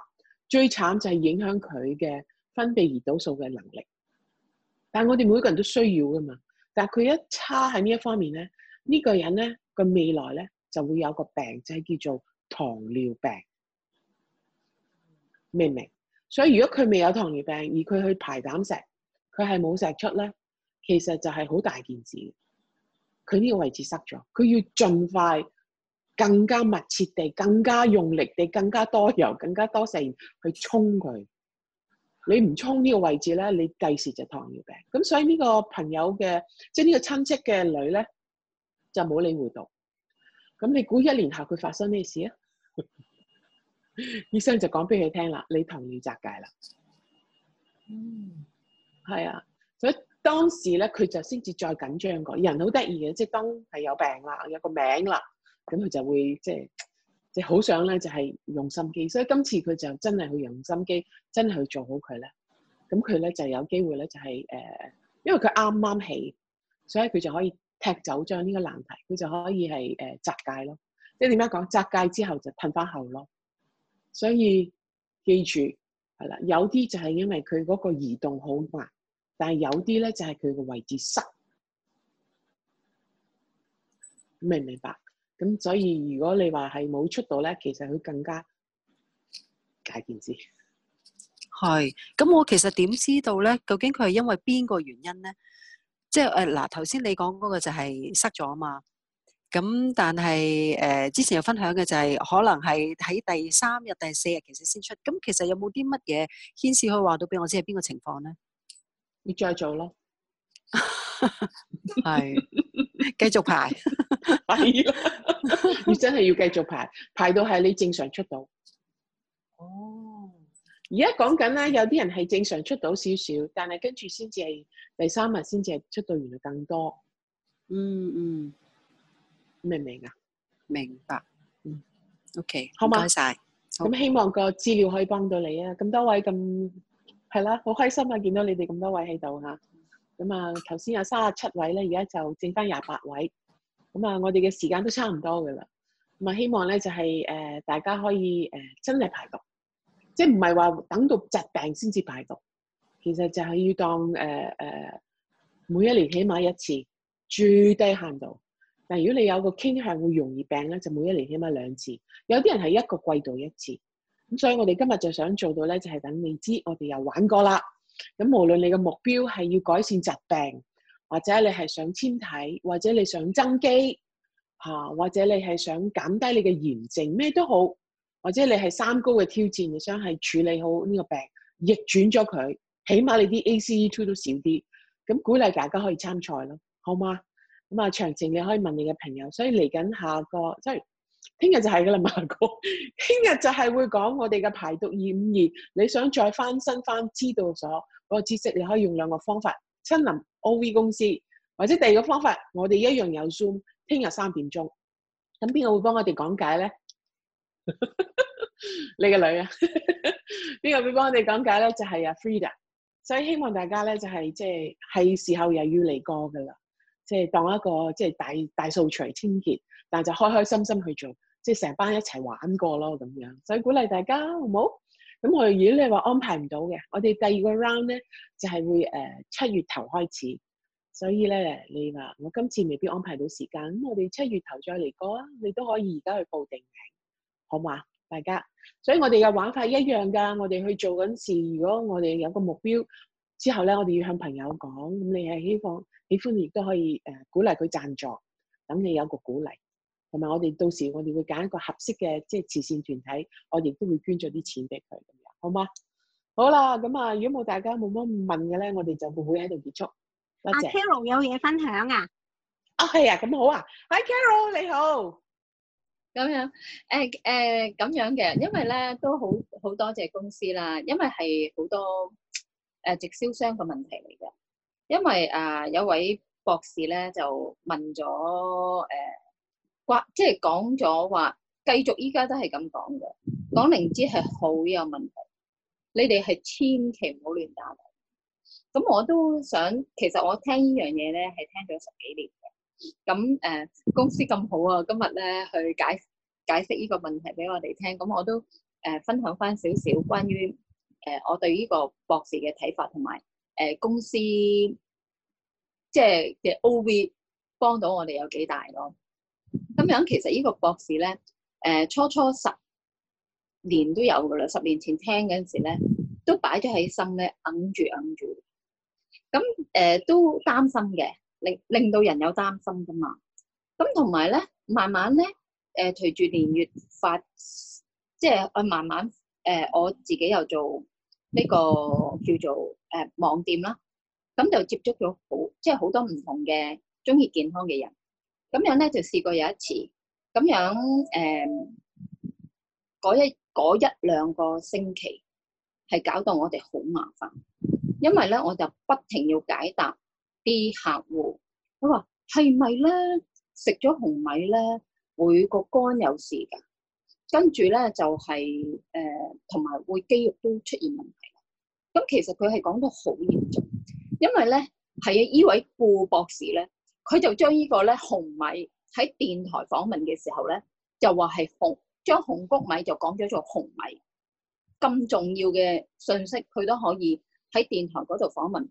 Speaker 2: 最慘就係影響佢嘅分泌胰島素嘅能力。但係我哋每個人都需要噶嘛。但係佢一差喺呢一方面咧，呢個人咧個未來咧就會有個病，就係叫做，糖尿病，明唔明？所以如果佢未有糖尿病，而佢去排膽石，佢係冇石出咧，其實就係好大件事。佢呢個位置塞咗，佢要盡快、更加密切地、更加用力地、更加多油、更加多食去沖佢。你唔沖呢個位置咧，你第時就糖尿病。咁所以呢個朋友嘅，即係呢個親戚嘅女咧，就冇理會到。咁你估一年後佢發生咩事啊？ 醫生就講俾佢聽啦，你糖尿病界啦。嗯，係啊，所以當時咧，佢就先至再緊張過。人好得意嘅，即係當係有病啦，有個名啦，咁佢就會即係就好想咧，就係、是就是就是、用心機。所以今次佢就真係去用心機，真係去做好佢咧。咁佢咧就有機會咧，就係、是、誒、呃，因為佢啱啱起，所以佢就可以。踢走咗呢個難題，佢就可以係誒窒界咯。即係點樣講？窒界之後就褪翻後咯。所以記住係啦，有啲就係因為佢嗰個移動好慢，但係有啲咧就係佢個位置塞。明唔明白？咁所以如果你話係冇出到咧，其實佢更加解便知。係。咁我
Speaker 3: 其實點知道咧？究竟佢係因為邊個原因咧？即係誒嗱，頭先、呃、你講嗰個就係塞咗啊嘛，咁但係誒、呃、之前有分享嘅就係、是、可能係喺第三日、第四日其實先出，咁其實有冇啲乜嘢牽涉可以話到俾我
Speaker 2: 知係邊個情況咧？你再做咯，係
Speaker 6: 繼續排，
Speaker 2: 你真係要繼續排， 排到係你正常出到。哦。而家講緊咧，有啲人係正常出到少少，但係跟住先至係第三日先至係出到原來更多。嗯嗯，明唔明啊？明白。嗯，OK，好嘛吧。唔該晒。咁希望個資料可以幫到你吧啊！咁多位咁係啦，好開心啊！見到你哋咁多位喺度吓，咁啊頭先有三十七位咧，而家就剩返廿八位。咁啊，我哋嘅時間都差唔多噶啦，咁啊希望咧就係、是、誒、呃、大家可以誒、呃呃、真係排毒。即係唔係話等到疾病先至排毒，其實就係要當誒誒、呃呃、每一年起碼一次，最低限度。但如果你有個傾向會容易病咧，就每一年起碼兩次。有啲人係一個季度一次。咁所以我哋今日就想做到咧，就係、是、等你知，我哋又玩過啦。咁無論你嘅目標係要改善疾病，或者你係想纖體，或者你想增肌，嚇或者你係想減低你嘅炎症，咩都好。或者你係三高嘅挑戰，想係處理好呢個病，逆轉咗佢，起碼你啲 ACE2 都少啲，咁鼓勵大家可以參賽咯，好嗎？咁啊，詳情你可以問你嘅朋友。所以嚟緊下，下個即係聽日就係噶啦，馬哥，聽 日就係會講我哋嘅排毒二五二。你想再翻新翻知道咗嗰、嗰個知識，你可以用兩個方法：親臨 OV 公司，或者第二個方法，我哋一樣有 Zoom，聽日三點鐘。咁邊個會幫我哋講解咧？ 你個女啊？邊 個會幫我哋講解咧？就係、是、阿、啊、Frida，所以希望大家咧就係即係係時候又要嚟過噶啦，即、就、係、是、當一個即係、就是、大大掃除清潔，但就開開心心去做，即係成班一齊玩過咯咁樣，所以鼓勵大家好唔好？咁我哋如果你話安排唔到嘅，我哋第二個 round 咧就係、是、會誒、呃、七月頭開始，所以咧你話我今次未必安排到時間，咁我哋七月頭再嚟過啊，你都可以而家去報定。好嘛，大家，所以我哋嘅玩法一樣噶。我哋去做緊事，如果我哋有個目標之後咧，我哋要向朋友講。咁你係希望喜歡亦都可以誒鼓勵佢贊助，等你有個鼓勵。同埋我哋到時我哋會揀一個合適嘅即係慈善團體，我亦都會捐咗啲錢俾佢。咁樣好嘛？好啦，咁啊，如果冇大家冇乜問嘅咧，我哋就會喺度結束。阿、啊、Carol 有嘢分享啊？啊係、哦、啊，咁好啊！喂，Carol 你好。咁樣，誒誒
Speaker 4: 咁樣嘅，因為咧都好好多謝公司啦，因為係好多誒、呃、直銷商嘅問題嚟嘅。因為啊、呃、有位博士咧就問咗誒，關、呃呃、即係講咗話，繼續依家都係咁講嘅，講靈芝係好有問題，你哋係千祈唔好亂打。咁我都想，其實我聽呢樣嘢咧係聽咗十幾年。咁誒、呃，公司咁好啊，今日咧去解解釋呢個問題俾我哋聽，咁我都誒、呃、分享返少少關於誒、呃、我對呢個博士嘅睇法，同埋誒公司即係嘅 O V 幫到我哋有幾大咯。咁樣其實呢個博士咧，誒、呃、初初十年都有噶啦，十年前聽嗰陣時咧，都擺咗喺心咧，揞住揞住，咁誒、呃、都擔心嘅。令令到人有擔心噶嘛，咁同埋咧，慢慢咧，誒、呃、隨住年月發，即係我慢慢誒、呃、我自己又做呢、呢個叫做誒、呃、網店啦，咁就接觸咗好即係好多唔同嘅鍾意健康嘅人，咁樣咧就試過有一次，咁樣誒嗰、呃、一一兩個星期係搞到我哋好麻煩，因為咧我就不停要解答。啲客戶，佢話係咪咧食咗紅米咧會個肝有事噶，跟住咧就係誒同埋會肌肉都出現問題。咁其實佢係講到好嚴重，因為咧係啊，依位顧博士咧，佢就將呢個咧紅米喺電台訪問嘅時候咧，就話係紅將紅谷米就講咗做紅米，咁重要嘅信息佢都可以喺電台嗰度訪問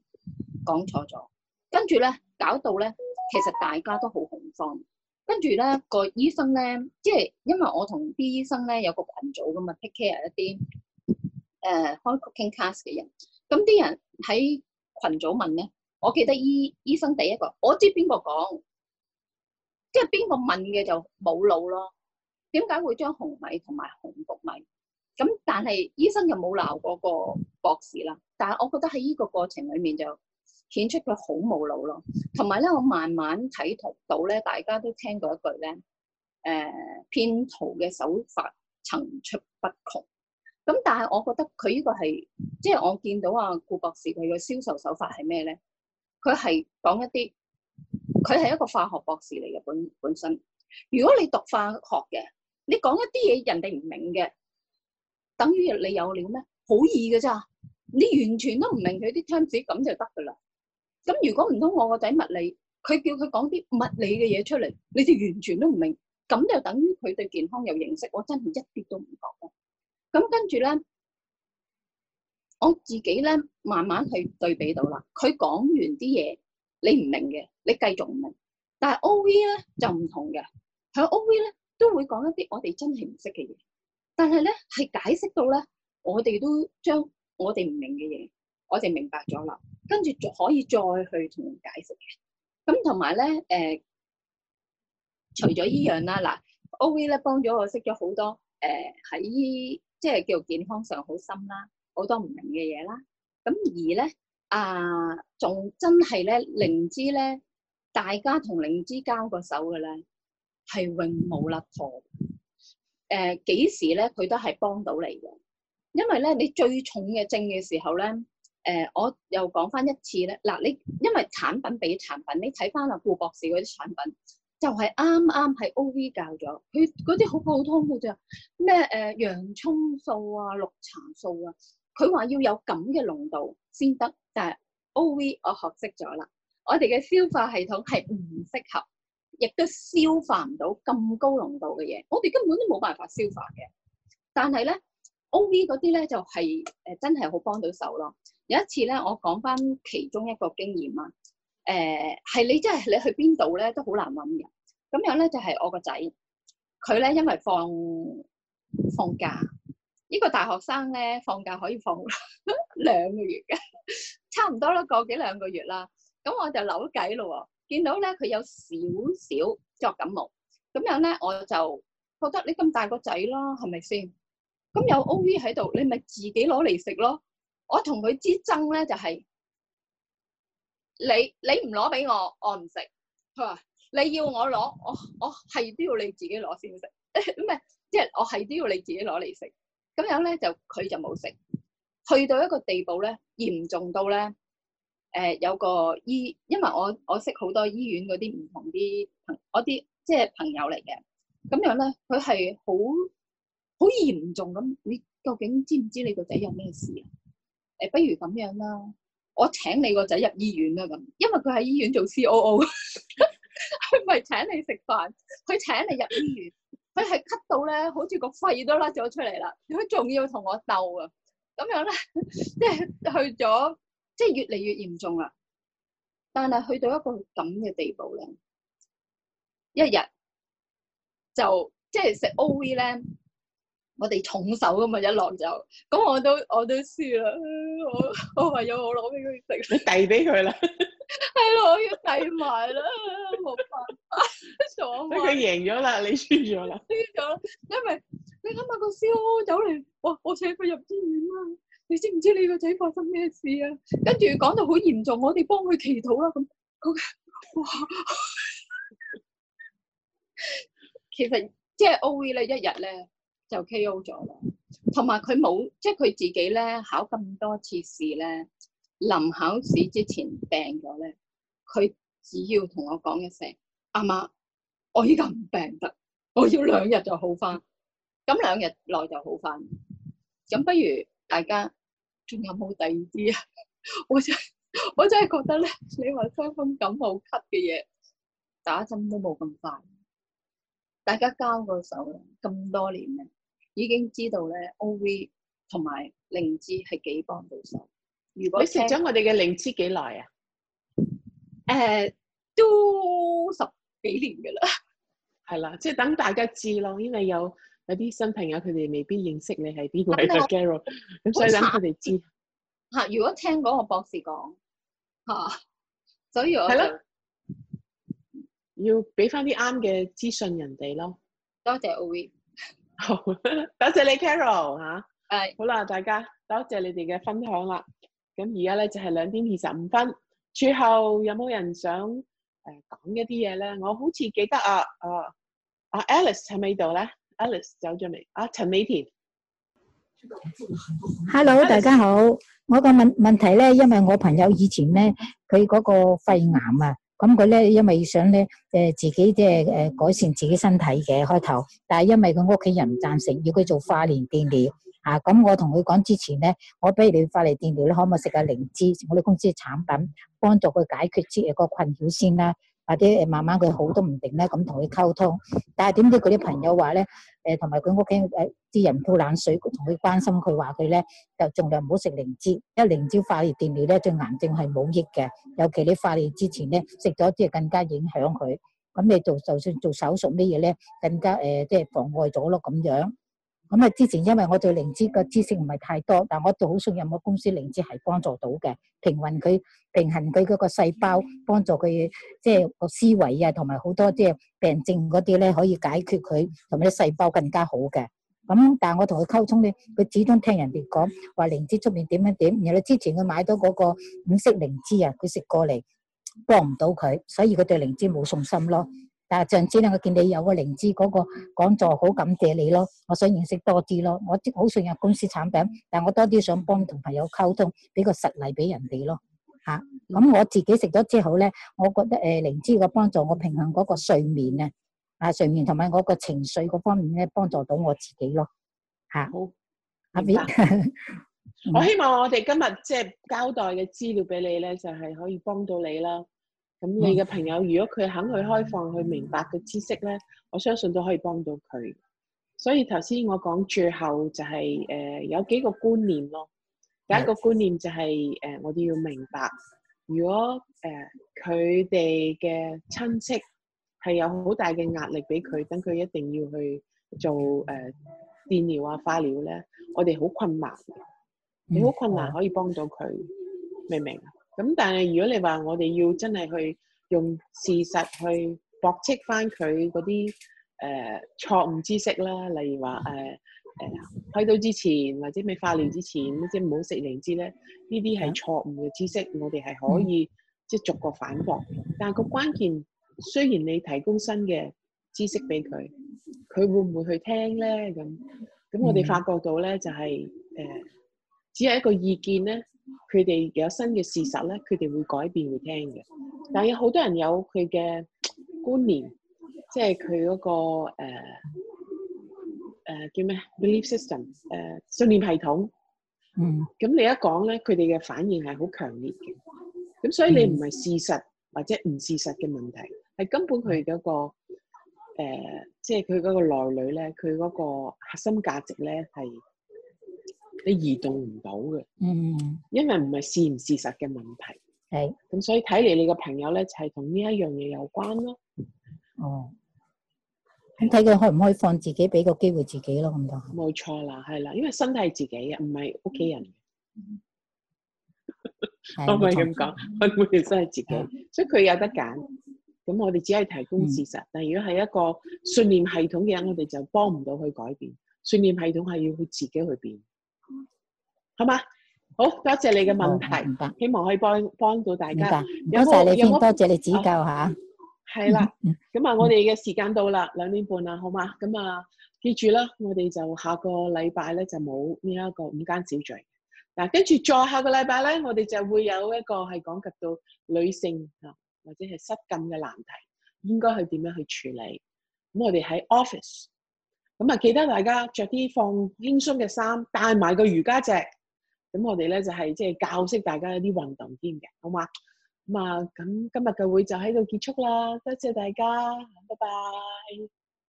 Speaker 4: 講錯咗。跟住咧，搞到咧，其實大家都好恐慌。跟住咧，個醫生咧，即係因為我同啲醫生咧有個群組噶嘛，take care 一啲誒開 Cooking Class 嘅人。咁、嗯、啲人喺群組問咧，我記得醫醫生第一個，我知邊個講，即係邊個問嘅就冇腦咯。點解會將紅米同埋紅谷米？咁、嗯、但係醫生就冇鬧嗰個博士啦。但係我覺得喺呢個過程裡面就～顯出佢好冇腦咯，同埋咧，我慢慢睇到咧，大家都聽過一句咧，誒騙徒嘅手法層出不窮。咁但係我覺得佢呢個係，即係我見到啊顧博士佢嘅銷售手法係咩咧？佢係講一啲，佢係一個化學博士嚟嘅本本身。如果你讀化學嘅，你講一啲嘢人哋唔明嘅，等於你有料咩？好易嘅咋，你完全都唔明佢啲 terms，咁就得噶啦。咁如果唔通我個仔物理，佢叫佢講啲物理嘅嘢出嚟，你哋完全都唔明，咁就等於佢對健康有認識。我真係一啲都唔覺嘅。咁跟住咧，我自己咧慢慢去對比到啦。佢講完啲嘢，你唔明嘅，你繼續唔明。但係 O V 咧就唔同嘅，喺 O V 咧都會講一啲我哋真係唔識嘅嘢，但係咧係解釋到咧，我哋都將我哋唔明嘅嘢。我哋明白咗啦，跟住就可以再去同人解釋嘅。咁同埋咧，誒、呃，除咗依樣啦，嗱、呃、O V 咧幫咗我識咗好多誒喺、呃、即係叫健康上好深啦，好多唔明嘅嘢啦。咁、呃、而咧啊，仲、呃、真係咧，靈芝咧，大家同靈芝交過手嘅咧，係永無甩拖。誒、呃、幾時咧，佢都係幫到你嘅，因為咧你最重嘅症嘅時候咧。誒、呃，我又講翻一次咧。嗱，你因為產品畀產品，你睇翻啊顧博士嗰啲產品，就係啱啱喺 OV 教咗佢嗰啲好普通嘅啫。咩誒、呃？洋葱素啊，綠茶素啊，佢話要有咁嘅濃度先得。但係 OV 我學識咗啦，我哋嘅消化系統係唔適合，亦都消化唔到咁高濃度嘅嘢，我哋根本都冇辦法消化嘅。但係咧，OV 嗰啲咧就係、是、誒、呃、真係好幫到手咯。有一次咧，我講返其中一個經驗啊，誒、呃，係你真係你去邊度咧都好難諗嘅。咁樣咧就係、是、我個仔，佢咧因為放放假，呢、這個大學生咧放假可以放 兩個月嘅，差唔多啦，個幾兩個月啦。咁我就扭計咯，見到咧佢有少少作感冒，咁樣咧我就覺得你咁大個仔啦，係咪先？咁有 O V 喺度，你咪自己攞嚟食咯。我同佢之爭咧，就係、是、你你唔攞俾我，我唔食。佢話你要我攞，我我係都要你自己攞先食，唔 係即係我係都要你自己攞嚟食。咁樣咧就佢就冇食。去到一個地步咧，嚴重到咧，誒、呃、有個醫，因為我我識好多醫院嗰啲唔同啲朋嗰啲即係朋友嚟嘅。咁樣咧，佢係好好嚴重咁。你究竟知唔知你個仔有咩事啊？不如咁樣啦，我請你個仔入醫院啦，咁，因為佢喺醫院做 COO，佢 唔係請你食飯，佢請你入醫院，佢係咳到咧，好似個肺都甩咗出嚟啦，佢仲要同我鬥啊，咁樣咧，即係去咗，即係越嚟越嚴重啦。但係去到一個咁嘅地步咧，一日就即係食 OV 咧。我哋重手噶嘛，一落就咁，我都我都輸啦。我我唯有我攞俾佢食，
Speaker 2: 你遞俾佢啦，
Speaker 4: 係咯，要遞埋啦，冇辦法，傻。佢贏
Speaker 2: 咗啦，你輸咗啦，
Speaker 4: 輸咗，因為你諗下個燒走嚟，哇！我請佢入醫院啦，你知唔知你個仔發生咩事啊？跟住講到好嚴重，我哋幫佢祈禱啦。咁，哇，其實即係 O V 咧，一日咧。就 K.O. 咗啦，同埋佢冇，即係佢自己咧考咁多次試咧，臨考試之前病咗咧，佢只要同我講一聲，阿、啊、媽，我依家唔病得，
Speaker 1: 我要兩
Speaker 4: 日就好返，咁兩日內就好返，咁不如大家仲有冇第二啲啊？我真係我真係覺得咧，你話傷風感冒咳嘅嘢打針都冇咁快。大家交過手咁多年咧，已經知道咧 O V 同埋靈芝係幾幫到手，如果你食咗
Speaker 2: 我哋嘅靈芝幾耐啊？誒、呃，都十幾年㗎啦。係啦，即係等大家知咯，因為有有啲新朋友佢哋未必認識你係邊個 g e r 咁，所以等佢哋知吓。如果聽嗰個博士講
Speaker 4: 吓，所以我係咯。
Speaker 2: 要俾翻啲啱嘅資訊人哋咯，謝謝 多謝 Ovi、啊哎、好，多謝你 Carol 吓，係，好啦，大家多謝你哋嘅分享啦，咁而家咧就係兩點二十五分，最後有冇人想誒講、呃、一啲嘢咧？我好似記得啊，啊啊 Alice 喺咪度咧？Alice 走咗未？啊陳、啊、美田
Speaker 7: ，Hello，Alice? 大家好，我個問問題咧，因為我朋友以前咧，佢嗰個肺癌啊。咁佢咧，因為想咧，誒，自己即係誒，改善自己身體嘅開頭。但係因為佢屋企人唔贊成，要佢做化療電療。啊，咁我同佢講之前咧，我畀你化療電療，你可唔可以食下靈芝？我哋公司嘅產品，幫助佢解決即係個困擾先啦。或者誒，慢慢佢好都唔定咧，咁同佢溝通。但係點知佢啲朋友話咧，誒同埋佢屋企誒啲人潑冷水，同佢關心佢話佢咧，就盡量唔好食靈芝，因為靈芝化療電療咧對癌症係冇益嘅。尤其你化療之前咧食咗啲，更加影響佢。咁你做就算做手術咩嘢咧，更加誒即係妨礙咗咯咁樣。咁啊、嗯，之前因為我對靈芝嘅知識唔係太多，但我都好信任我公司靈芝係幫助到嘅，平衡佢、平衡佢嗰個細胞，幫助佢即係個思維啊，同埋好多即係病症嗰啲咧可以解決佢，同埋啲細胞更加好嘅。咁、嗯、但係我同佢溝通咧，佢始終聽人哋講話靈芝出面點樣點，然後佢之前佢買到嗰個五色靈芝啊，佢食過嚟幫唔到佢，所以佢對靈芝冇信心咯。啊！上次咧，我見你有個靈芝嗰個講座，好感謝你咯。我想認識多啲咯，我即係好信任公司產品，但係我多啲想幫同朋友溝通，俾個實例俾人哋咯。吓、啊，咁我自己食咗之後咧，我覺得誒，靈、呃、芝個幫助我平衡嗰個睡眠啊，啊睡眠同埋我個情緒嗰方面咧，幫助到我自己咯。吓、啊，阿 B，白 我希
Speaker 2: 望我哋今日即係交代嘅資料俾你咧，就係、是、可以幫到你啦。咁你嘅朋友如果佢肯去開放去明白嘅知識咧，我相信都可以幫到佢。所以頭先我講最後就係、是、誒、呃、有幾個觀念咯。第一個觀念就係、是、誒、呃、我哋要明白，如果誒佢哋嘅親戚係有好大嘅壓力俾佢，等佢一定要去做誒、呃、電療啊、化療咧，我哋好困難，你好困難可以幫到佢，明唔明啊？咁但係如果你話我哋要真係去用事實去駁斥翻佢嗰啲誒錯誤知識啦，例如話誒誒睇到之前或者未發酵之前即係唔好食靈芝咧，呢啲係錯誤嘅知識，我哋係可以、嗯、即係逐個反駁。但係個關鍵，雖然你提供新嘅知識俾佢，佢會唔會去聽咧？咁、嗯、咁、嗯、我哋發覺到咧就係、是、誒、呃，只係一個意見咧。佢哋有新嘅事實咧，佢哋會改變會聽嘅。但係有好多人有佢嘅觀念，即係佢嗰個誒誒、呃呃、叫咩 Belief system 誒信念系統。嗯。咁你一講咧，佢哋嘅反應係好強烈嘅。咁所以你唔係事實，嗯、或者唔事實嘅問題，係根本佢嗰、那個誒、嗯呃，即係佢嗰個內裏咧，佢嗰個核心價值咧係你移動唔到嘅，嗯，因為唔係事唔事實嘅問題，係咁，所以睇嚟你個朋友咧就係同呢一樣嘢有關咯。
Speaker 7: 哦，咁睇佢可唔可以放自己，俾個機會自己咯咁就。
Speaker 2: 冇錯啦，係啦，因為身體係自己啊，唔係屋企人。可唔可以咁講？身體係自己，所以佢有得揀。咁我哋只係提供事實，但係如果係一個信念系統嘅，我哋就幫唔到佢改變。信念系統係要佢自己去變。好嘛？好多謝你嘅問題，哦、希望可以幫幫到大家。唔該行，你先，多
Speaker 7: 謝你指教吓。
Speaker 2: 係啦，咁啊，嗯、我哋嘅時間到啦，兩點半啦，好嘛？咁啊，記住啦，我哋就下個禮拜咧就冇呢一個午間小聚。嗱、啊，跟住再下個禮拜咧，我哋就會有一個係講及到女性啊，或者係失禁嘅難題，應該去點樣去處理？咁我哋喺 office，咁啊記得大家着啲放輕鬆嘅衫，帶埋個瑜伽席。咁、嗯、我哋咧就係即係教識大家一啲運動添嘅，好嘛？咁、嗯、啊，咁、嗯、今日嘅會就喺度結束啦，多謝大家，
Speaker 4: 拜拜。